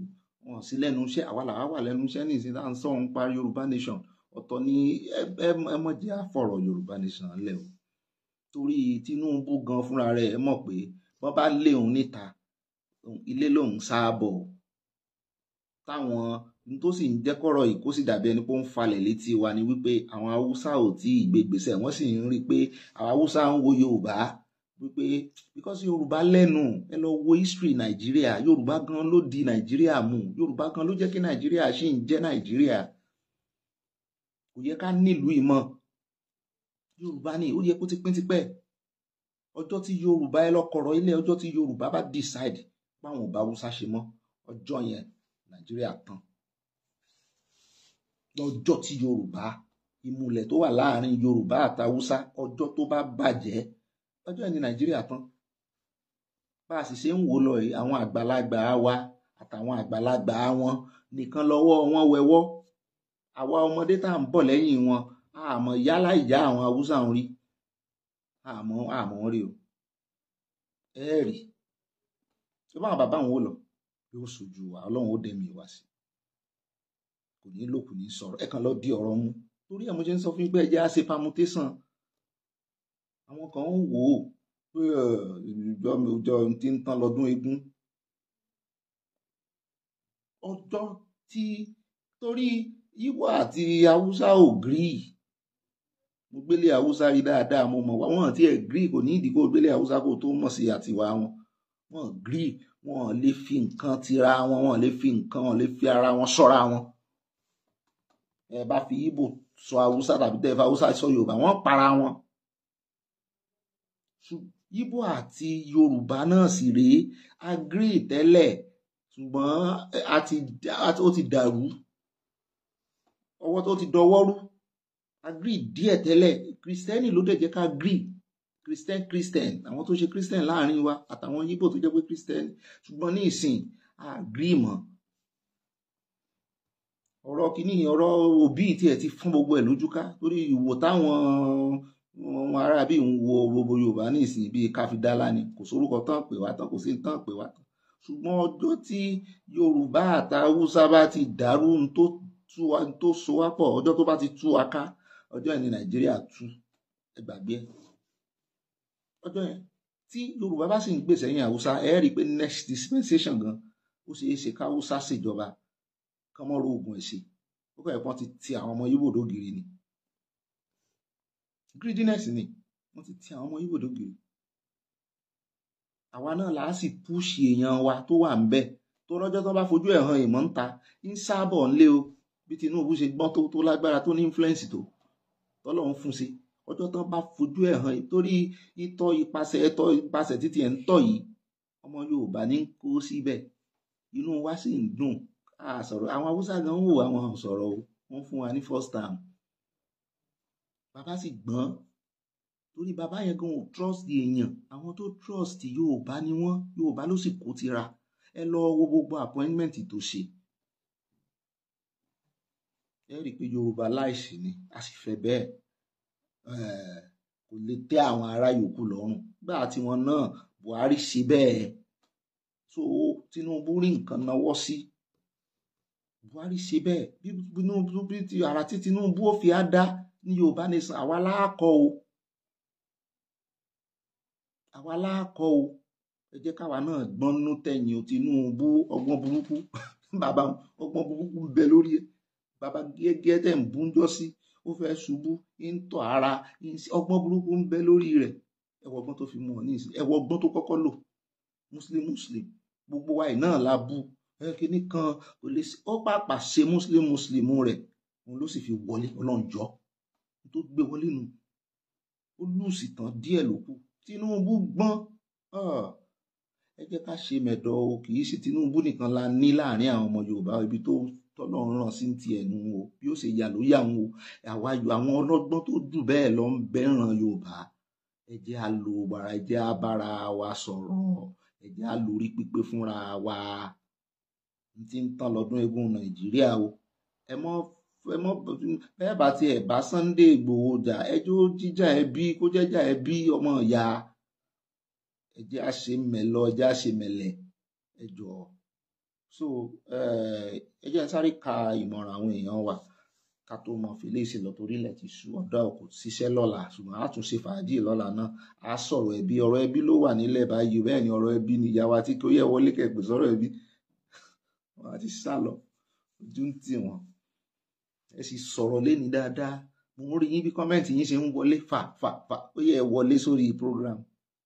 wọn sí lẹ́nu iṣẹ́ àwa làwa wà lẹ́nu iṣẹ́ ní ìsìn tá à ń sọ̀rọ̀ ń pa Yorùbá nation ọ̀tọ̀ ni ẹ mọ̀ jẹ́ àfọ̀rọ̀ Yorùbá nation lẹ̀ o torí Tinubu gan fúnra rẹ̀ ẹ mọ̀ pé wọ́n bá lé òun níta ilé lòun sáàbọ̀ táwọn tó sì ń jẹ́ kọ́rọ̀ yìí kó sì dàbí ẹni pé ó ń falẹ̀ létí wa ni wípé àwọn Haúsá ò tí ì gbégbèsè wọ́n sì ń rí i pé àwọn Haúsá ń wo Yorùbá wípé because yorùbá lẹ́nu ẹ lọ wo history nàìjíríà yorùbá gan ló di nàìjíríà mú yorùbá gan ló jẹ́ kí nàìjíríà ṣì ń jẹ́ nàìjíríà kò yẹ ká nílùú ìmọ̀ yorùbá ni ó yẹ kó ti pín tipẹ́ ọjọ́ tí yorùbá ẹ lọ ilé ọjọ́ tí yorùbá bá decide báwọn ò bá wúsá ṣe mọ́ ọjọ́ yẹn nàìjíríà tán lọ́jọ́ tí yorùbá ìmùlẹ̀ tó wà láàrin yorùbá àtàwúsá ọjọ́ tó bá bàjẹ́ ọjọ́ ìní nàìjíríà tán bá a sì ṣe ń wò lọ yìí àwọn àgbàlagbà wa àtàwọn àgbàlagbà wọn nìkan lọ́wọ́ wọn wẹwọ́ àwa ọmọdé tá à ń bọ̀ lẹ́yìn wọn àmọ́ yálà ìyá àwọn haúsá ń rí àmọ́ àmọ́ wọn rí o ẹ rí tó bá àwọn bàbá wọn ò lọ yóò sojú wa ọlọ́run ó dẹ̀mí wa sí kò ní lò kò ní sọ̀rọ̀ ẹ kàn lọ di ọ̀rọ̀ mu torí ẹ̀ mo ṣe ń sọ fún yín pé ẹ jẹ́ àṣepamọ́ tẹ́sán àwọn kan ń wò ó pé ìjọ mi jọ ti ń tán lọ́dún eégún ọjọ́ tí torí Ìgbò àti Haúsá ò gírí mo gbélé Haúsá rí dáadáa mo mọ̀ wọn àti ẹ̀ gírí kò ní ìdí kó gbélé Haúsá kó tó mọ̀ sí àtiwá wọn wọn gírí wọn lè fi nǹkan tira wọn wọn lè fi nǹkan wọn lè fi ara wọn ṣọ́ra wọn ẹ bá fi Ìgbò sọ Haúsá tàbí tẹ́ fa Haúsá sọ Yorùbá wọn para wọn. Yíbò àti Yorùbá náà sì rèé agree tẹ́lẹ̀ ṣùgbọ́n ó ti dàrú ọwọ́ tó ti dọwọ́rú agree díẹ̀ tẹ́lẹ̀ Kristẹni ló dẹ̀ jẹ́ ká agree Christian Christian àwọn tó ṣe Christian láàrin wa àtàwọn Yíbò tó jẹ́ pé Christian ṣùgbọ́n ní ìsìn agree mọ́ ọ̀rọ̀ kìíní ọ̀rọ̀ òbí tiẹ̀ ti fún gbogbo ẹ̀ lójúká torí ìwò táwọn wọn ará bí ń wo gbogbo yorùbá ní ìsìn bíi káfídálá ni kò sórúkọ tán pè wá tán kò sí tán pè wá tán ṣùgbọ́n ọjọ́ tí yorùbá àti haúsá bá ti dàrú n tó tú wa n tó so wá pọ̀ ọjọ́ tó bá ti tú wa ká ọjọ́ yẹn ni nàìjíríà tú ẹ gbàgbé yẹn tí yorùbá bá sì ń gbèsè yín haúsá ẹ rí i pé next dispensation gan ó ṣeé ṣe ká haúsá ṣèjọba kán mọ́ ro oògùn ẹ̀sìn ó kọ̀ ẹ̀ pọ́n ti ti àwọn ọmọ yíbò dógiri ni greediness ni wọ́n ti ti àwọn ọmọ Yíbò dógiri àwa náà là á sì púṣì èèyàn wa tó wà ń bẹ̀ tó rọ́jọ́ tó bá fojú ẹ̀ hàn ìmọ̀ ń ta ń sábọ̀ ń lé o bí Tinubu ṣe gbọ́n tó tó lágbára tó ní influence tó tọ́lọ́run fún sí ọjọ́ tán bá fojú ẹ̀ hàn torí ìtọ́ ipasẹ̀ ẹ̀tọ́ ipasẹ̀ títí ẹ̀ ń tọ̀ yìí ọmọ Yorùbá ní kó síbẹ̀ inú wa sì ń dùn àwọn Haúsá gan ń wò àwọn sọ̀rọ̀ o wọ́n fún wa ní first time bàbá sì gbọ́n torí bàbá yẹn gan ò trust èèyàn àwọn tó trust Yorùbá ni wọ́n Yorùbá ló sì kó tira ẹ lọ wo gbogbo appointment tó ṣe ẹ rí i pé Yorùbá láìsí ni a sì fẹ́ bẹ́ẹ̀ kò lè tẹ́ àwọn ará yòókù lọ́rùn gbà tiwọn náà Buhari ṣe bẹ́ẹ̀ so Tinubu rí nǹkan náwó sí Buhari ṣe bẹ́ẹ̀ bí ara tí Tinubu ó fi á dá ní Yorùbá nation àwa láàkọ o àwa láàkọ o ẹ jẹ́ káwa náà gbọ́n nú tẹ̀yìn ò Tinubu ọgbọ́n burúkú bàbá ọgbọ́n burúkú ń bẹ lórí ẹ bàbá gẹ́gẹ́ tẹ̀ ń bú ń jọ́ sí ó fẹ́ ṣubú ń tọ̀ ara ọgbọ́n burúkú ń bẹ lórí rẹ̀ ẹwọ ọgbọ́n tó fi mú ọ ní ìsìn ẹwọ ọgbọ́n tó kọ́kọ́ lò muslim muslim gbogbo wa náà la bú ẹ kíní kan ó pàpà ṣe muslim muslim rẹ̀ òun ló sì fi wọlé ọlọ́run tó gbé wọlé nu ó lùsì tán díẹ̀ ló kù Tinubu gbọ́n ah. ẹ jẹ́ ká ṣe mẹ̀dọ̀ o kì í ṣe Tinubu nìkan la ní láàrin àwọn ọmọ Yorùbá ibi tó tọ́lọ́run ràn sí ti ẹ̀nu o bí ó ṣe yà ló yà wọn o àwa yọ àwọn ọlọ́gbọ́n tó jù bẹ́ẹ̀ lọ ń bẹ́ràn Yorùbá ẹ jẹ́ a lo wàrà ẹ jẹ́ a bára wa sọ̀rọ̀ ẹ jẹ́ a lórí pípé fúnra wa n ti ń tán lọ́dún eégún Nàìjíríà o ẹ mọ́ bẹ́ẹ̀ bá ti ẹ̀ bá Sunday Ìgbòho jà ẹjọ́ jíjà ẹbí kó jẹ́jà ẹbí ọmọ ìyá ẹjẹ́ àṣẹ mẹ́lọ ẹjẹ́ àṣẹ mẹ́lẹ̀ ẹjọ́ so ẹjẹ́ sáré ka ìmọ̀ràn àwọn èèyàn wa ká tó mọ fèlèsì lọ torí ilẹ̀ ti sú ọ̀dọ́ kò ṣiṣẹ́ lọ́la ṣùgbọ́n a tún ṣe fàájì lọ́la náà a sọ̀rọ̀ ẹbí ọ̀rọ̀ ẹbí ló wà nílẹ̀ báyìí bẹ́ẹ̀ ni ọ̀rọ̀ ẹbí ni ìyá wa tí kò yẹ wọlé kẹgbẹ́ sọ̀rọ̀ ẹbí wọn àti sálọ ojú ń tì wọn ẹ sì sọ̀rọ̀ lẹ́ni dáadáa mo rí yín bí kọ́mẹ́ǹtì yín ṣe ń wọlé fà fà fà ó yẹ wọlé sórí program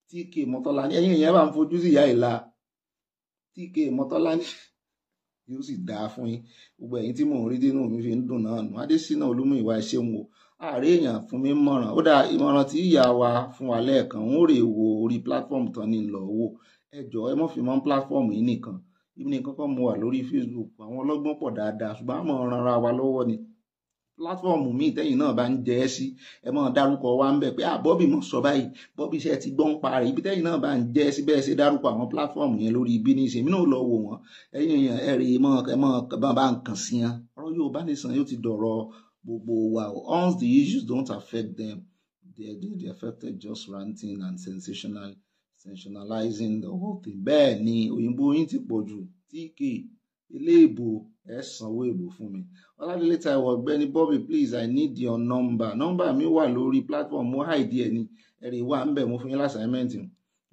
TK Mọ́tọ́láni ẹ̀yin ìyẹn bá ń fojú sí ìyá ìlà TK Mọ́tọ́láni yóò sì dáa fún yín gbogbo ẹ̀yin tí mò ń rí dínú mi fi ń dùn náà nù Adésínà Olúmúyìwá ẹṣẹun o ààrẹ èèyàn fún mi mọ̀ràn ó dáa ìmọ̀ràn tí ìyá wa fún wa lẹ́ẹ̀kan ń rè wo orí platform tán ni lọ wò ẹ jọ̀ọ́ ẹ mọ̀ fi mọ́ platform yìí nìkan ibi nìkan kọ́ mo wà lórí Facebook àwọn ọlọ́gbọ́n pọ̀ dáadáa ṣùgbọ́n àmọ́ ràn wa lọ́wọ́ ni platform mi tẹ́yìn náà bá ń jẹ ẹ́ sí ẹ máa dárúkọ wa ń bẹ̀ pé ah bọ́bì mọ̀ sọ báyìí bọ́bì iṣẹ́ ti gbọ́n pa rẹ̀ ibi tẹ́yìn náà bá ń jẹ ẹ́ sí bẹ́ẹ̀ ṣe dárúkọ àwọn platform yẹn lórí ibi ní ìṣèmí náà lọ wò wọ́n ẹ̀yìn èèyàn ẹ̀ rí mọ́ ẹ mọ́ bá ń kàn sí yan ọ̀rọ̀ yóò bá nìsan yóò ti dọ̀rọ̀ gbogbo wa once the issues don't affect them they they they affected just ranting and sensational sensationalizing the whole thing bẹ́ẹ̀ ni òyìnbó yín ti pọ̀ ju tíkì eléèbó ẹ sanwó èbò fún mi ọládélé taiwo ọ̀gbẹ́ni bobby please i need your number number mi wà lórí platform mo hide ẹ ni ẹ̀rí wà ń bẹ̀ mo fún yín lásàmẹ́ǹt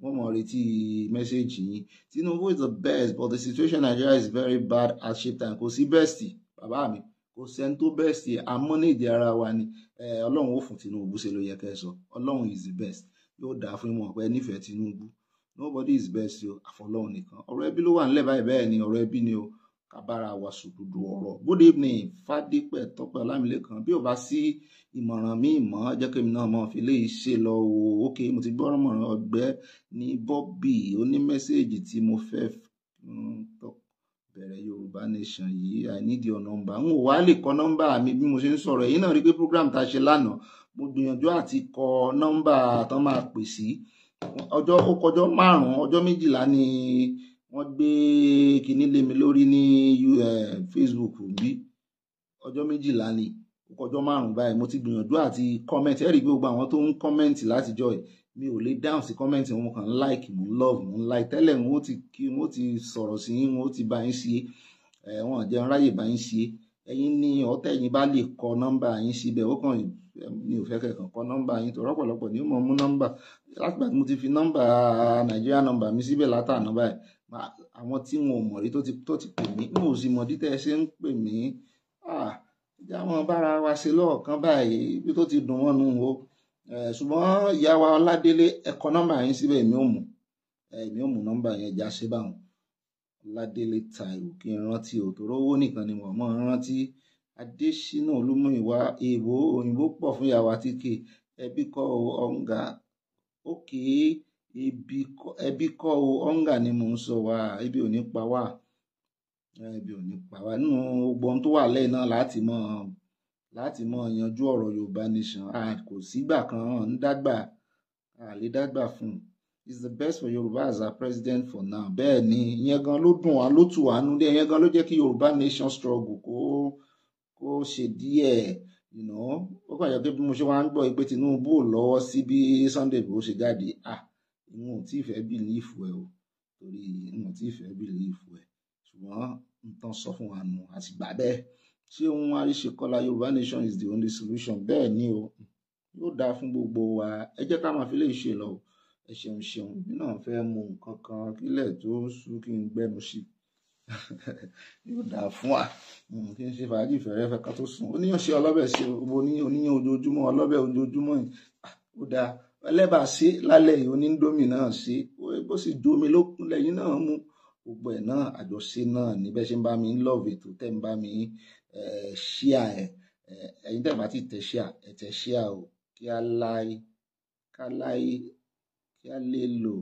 wọ́n mọ̀ retí mẹ́sẹ̀gì yín tinubu is the best but the situation in nigeria is very bad at shape time kò sí bẹ́ẹ̀sì bàbá mi kò sẹ́ni tó bẹ́ẹ̀sì amọ́nìdí ara wa ni ọlọ́run ó fún tinubu ṣe ló yẹ kẹ́ ẹ sọ ọlọ́run is the best yóò dáa fún ìmọ̀ ọ̀pẹ nífẹ̀ẹ́ tinubu nobody is best o àfọlọ́run nìkan ọ̀rọ̀ ẹbí ló wà nílẹ̀ báyìí bẹ́ẹ̀ ni ọ̀rọ̀ ẹbí ni o kábára wa sòdodo ọ̀rọ̀ good evening fàdípẹ Tọ́pẹ́ Ọlámilékan bí ò bá sí ìmọ̀ràn mi mọ jẹ́ kí èmi náà mọ fi lè ṣe lọ o ok mo ti gbọ́ ọmọràn ọgbẹ́ ní Bobby ó ní mẹ́sẹ́ẹ̀jì tí mo fẹ́ mm, bẹ̀rẹ̀ Yorùbá nation yìí i need your number n ò wá lè kọ nọ́mbà mi bí mo ṣe ń sọ̀rọ̀ èyí náà rí pé program tá a ṣe lánàá mo gbìyànjú àti kọ nọ́mbà tán máa pè sí ọjọ́ ó kọjọ́ márùnún ọjọ́ méjìlá ni wọ́n gbé kinní lé mi lórí ní eh, Facebook bí ọjọ́ méjìlá ni ọjọ́ márùn-ún báyìí mo ti gbìyànjú àti comment ẹ rí i pé gbogbo àwọn tó ń comment látijọ́ ẹ̀ mi ò lè dáhùn sí comment wọn kàn like mo love mo like tẹ́lẹ̀ wọn ó ti kí wọn ó ti sọ̀rọ̀ sí yín wọn ó ti bá yín ṣe ẹ eh, wọn ò jẹun ráyè bá yín ṣe ẹ̀yin ní ọ̀tẹ̀ yín bá lè kọ nọ́mbà yín síbẹ̀ ó kàn eh, mi ò fẹ́ kẹ̀kàn kọ nọ́mbà yín tó rọ́pọ̀lọpọ̀ ni ó mú nọ́mbà látìgbà tí mo ti fi nọ́mbà nàìjíríà nọ́mbà mi síbẹ̀ látàná báyìí àwọn tí wọn ò mọ̀ rí tó ti pè mí mo sì mọ̀ dítẹ́ ṣe ń pè mí ìjà wọn bára wa ṣe lọ́ọ̀kan báyìí ibi tó ti dùn wọ́n nù o ṣùgbọ́n ìyá wa ọládélé ẹ̀kọ́ nọ́mbà yín síbẹ̀ èmi ò mú èmi ò mú nọ́mbà yẹn já ṣe báwọn ọládélé Táíwò kí n rántí òtòrò owó nìkan ni mo mọ̀ ń rántí adésínà olúmúyìwá èèbó òyìnbó pọ̀ fún ìyàwó àtíkè ẹbí kọ́ ọ̀ǹgà ókèé ebi kọ́ o hunger ni mò ń sọ wá ebi ò ní pa wá ebi ò ní pa wá nínú gbogbo ohun tó wà lẹ́yìn náà láti mọ̀ láti mọ̀ yanjú ọ̀rọ̀ Yorùbá nation kò sígbà kan ń dágbà àlè dágbà fún is the best for Yorùbá as our president for now bẹ́ẹ̀ ni ìyẹn gan ló dùn wá ló tù wá nú dé ìyẹn gan ló jẹ́ kí Yorùbá nation struggle kó kó ṣe díẹ̀ you know ó kàn yẹ pé bí mo ṣe wá ń gbọ́ pé Tinubu lọ́wọ́ sí bí Sunday Igboho ṣe jáde ah n ò tí fẹ́ bìlífù ẹ o torí n ò tí fẹ́ bìlífù ẹ ṣùgbọ́n n sọ fún wa nù àti gbà bẹ́ẹ̀ ṣé ohun àríṣekọ́lá Yorùbá nation is the only solution bẹ́ẹ̀ ni o yóò dáa fún gbogbo wa ẹ jẹ́ ká máa fi lè ṣe lọ ẹ ṣeun ṣeun mi náà fẹ́ mu nǹkan kan kílẹ̀ tó sú kí n gbẹnu sí yóò dáa fún wa kí n ṣe fàájì fẹ́rẹ́fẹ́ ká tó sùn oníyàn ṣe ọlọ́bẹ̀ ṣe oníyàn ojoojúmọ́ ọlọ́bẹ̀ ojoojúmọ́ yìí ah, ó dáa ẹlẹ́bà sí lálẹ́ yìí oníńdómì náà sí bó sì jómi lókun lẹ́yìn náà mú gbogbo ẹ̀ náà àjọṣe náà níbẹ̀ ṣe ń bá mi ń lọ́ọ̀bù ètò tẹ́ ń bá mi ṣíà ẹ̀ ẹ̀yin tẹ̀ bá ti tẹ̀ ṣíà ẹ̀ tẹ̀ ṣíà o kí á láì ká láì kí á lè lò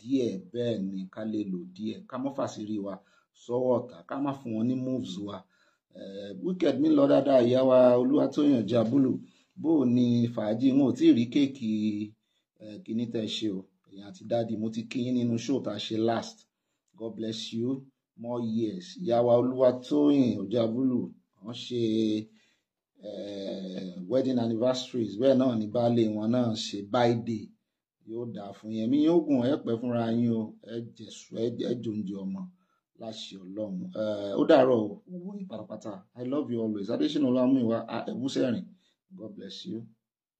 díẹ̀ bẹ́ẹ̀ ni ká lè lò díẹ̀ ká mọ́ fàṣírí wa sọ́wọ́ ọ̀tá ká má fún wọn ní moves wa wicked mi lọ dáadáa ìyá wa olúwatóyàn jábúlù bó o ní fàájì wọn ò tí ì rí kéèkì kíní tẹ́ ṣe o èèyàn àti dáàdi mo ti kíyín nínú show tá a ṣe last god bless you more years ìyàwó olúwatóyìn ọjàbúlù wọ́n ṣe wedding anniversaries bẹ́ẹ̀ náà ní baálé wọn náà ṣe birthday yóò dáa fún yẹn mi yóò gùn ẹ pẹ́ fúnra yín o ẹ jẹsù ẹ jòǹjẹ ọmọ láṣẹ Ọlọ́run ó dàárọ̀ owó yín i love you always adésínà ọlámúyíwá ẹbùsẹrìn God bless you.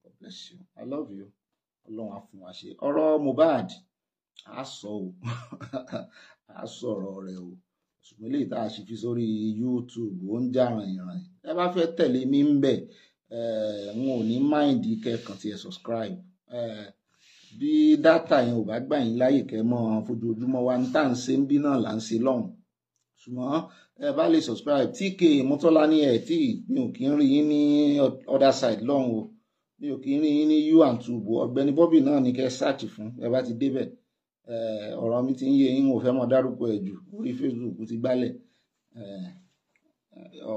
God bless you. I love you. Ọlọ́run á fún wa ṣe. Ọ̀rọ̀ Mohbad á sọ o. Á sọ̀rọ̀ rẹ̀ o. Ṣùgbọ́n eléyìí tá a ṣe fi sórí YouTube ó ń jà ràìnràìn. Ẹ bá fẹ́ tẹ̀lé mi ń bẹ̀, n ò ní máìndì kẹ́kàn tí ẹ subscribe. Bí dátà yẹn ò bá gbà yín láyè kẹ́ mọ́ fojoojúmọ́ wa ní tá à ń ṣe ń bí náà là ń ṣe lọ́hùn. Ṣùgbọ́n ẹ bá lè subscribe tk mọ́tọ́lání ẹ̀ tí mi ò kí ń rí yín ní other side lọ́hùn o mi ò kí ń rí yín ní u and tubo ọ̀gbẹ́ni Bobby náà ni kẹ́ ṣáàtì fún ẹ bá ti débẹ̀ ọ̀rọ̀ mi ti ń yé yín ò fẹ́ mọ dárúkọ ẹ̀ jù orí Facebook ti gbálẹ̀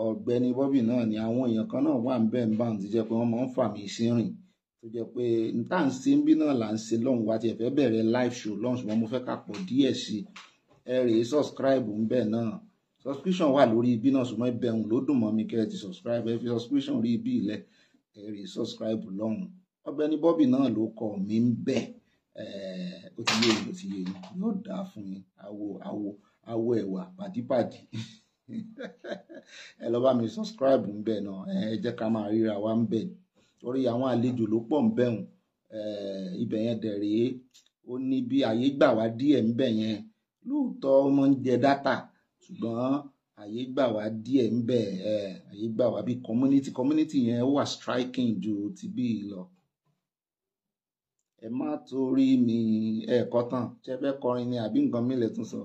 ọ̀gbẹ́ni Bobby náà ni àwọn èèyàn kan náà wà ń bẹ́ẹ̀ ń bá ti jẹ́ pé wọ́n máa ń fà mí sí rìn tó jẹ́ pé n ń ṣe bí náà là ń ṣe lọ́hùn wa tiẹ̀ fẹ́ bẹ̀rẹ̀ live show lọ́hùn ṣùgbọ́n mo fẹ́ ká pọ̀ díẹ̀ sí ẹ rèé subscribe ń bẹ̀ náà subscription wà lórí ibi náà ṣùgbọ́n ibẹ̀hùn ló dùn mọ́ mi kẹ́ ẹ ti subscribe ẹ fi subscription rí ibi ilẹ̀ ẹ rí subscribe lọ́hùn ọ̀gbẹ́ni Bobby náà ló kọ mí ń bẹ̀ ó ti yé yín ó ti yé yín yóò dáa fún yín awo awo awo ẹ̀wà pàdípàdí ẹ lọ bá mi subscribe ń bẹ̀ náà ẹ jẹ́ ká máa ríra wa ń bẹ̀ torí àwọn àlejò ló pọ̀ ń bẹ̀hùn ibẹ̀ yẹn dẹ̀ rèé ó ní bí àyè gbà wá díẹ̀ ń bẹ̀ yẹn lóòótọ́ ọmọ ń jẹ dátà ṣùgbọ́n àyè gbà wá díẹ̀ ń bẹ̀ ẹ̀ àyè gbà wá bí community community yẹn wà striking ju ti bí lọ. ẹ má torí mi ẹ̀ẹ̀kọ́ tán ṣe fẹ́ kọrin ni àbí nǹkan mílẹ̀ tún sọ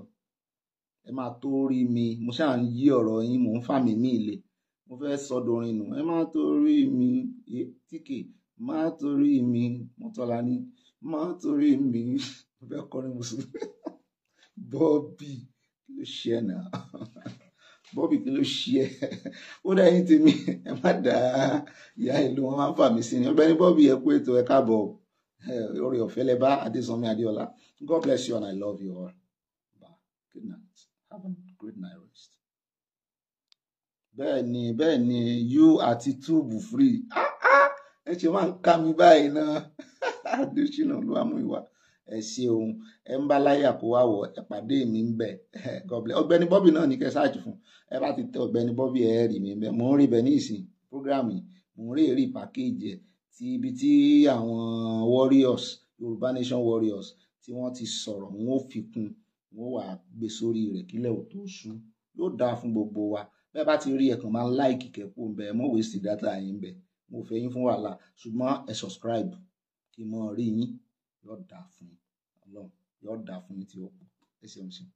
ẹ má torí mi mo ṣáà ń yí ọ̀rọ̀ yín mò ń fà mí mí ìlẹ̀ mo fẹ́ sọdọ̀rin nù ẹ má torí mi tíkì má torí mi mọ́tọ́lá ní má torí mi mo fẹ́ kọrin mùsùlùmí bọ́ọ̀bì ló ṣe ẹ náà bọ́ọ̀bì kí ló ṣe ẹ ó dá yín tèmi ẹ má dá ìyá ìlú wọn máa ń fà mí sí ni ọ̀gbẹ́ni bọ́ọ̀bì ẹ kú ètò ẹ káàbọ̀ orí ọ̀fẹ́ lẹ adésanmi adéọlá god bless you and i love you all bye good night have a great night rest. bẹ́ẹ̀ ni bẹ́ẹ̀ ni you àti túùbù free ah, ah, ẹ ṣe máa ń ká mi báyìí náà adéṣínà ló wá mú ìwà ẹ ṣe òun ẹ ń bá láyà kó wá wọ ẹ pàdé mi ń bẹ God bless ọ̀gbẹ́ni Bobby náà ní kẹ ṣáàjì fún ẹ bá ti tẹ ọ̀gbẹ́ni Bobby ẹ rí mi bẹ mò ń rí bẹ ní ìsìn program mò ń rí èrè package ẹ ti ibi tí àwọn warriors Yorùbá Nation warriors tí wọ́n ti sọ̀rọ̀ wọn ò fi kún wọn wà gbé sórí rẹ̀ kílẹ̀ ò tó ṣú yóò dáa fún gbogbo wa bẹ́ẹ̀ bá ti rí ẹ̀kan máa ń láìkì kẹ́kọ̀ọ́ ń bẹ ẹ mọ̀ dátà yín bẹ mo fẹ́ yín fún wàhálà ṣùgbọ́n ẹ subscribe kí n mọ̀ rí yín yóò dáa fún yín. Ọlọ́run yóò dáa fún yín tí ó pọ̀ ẹ ṣeun ṣeun.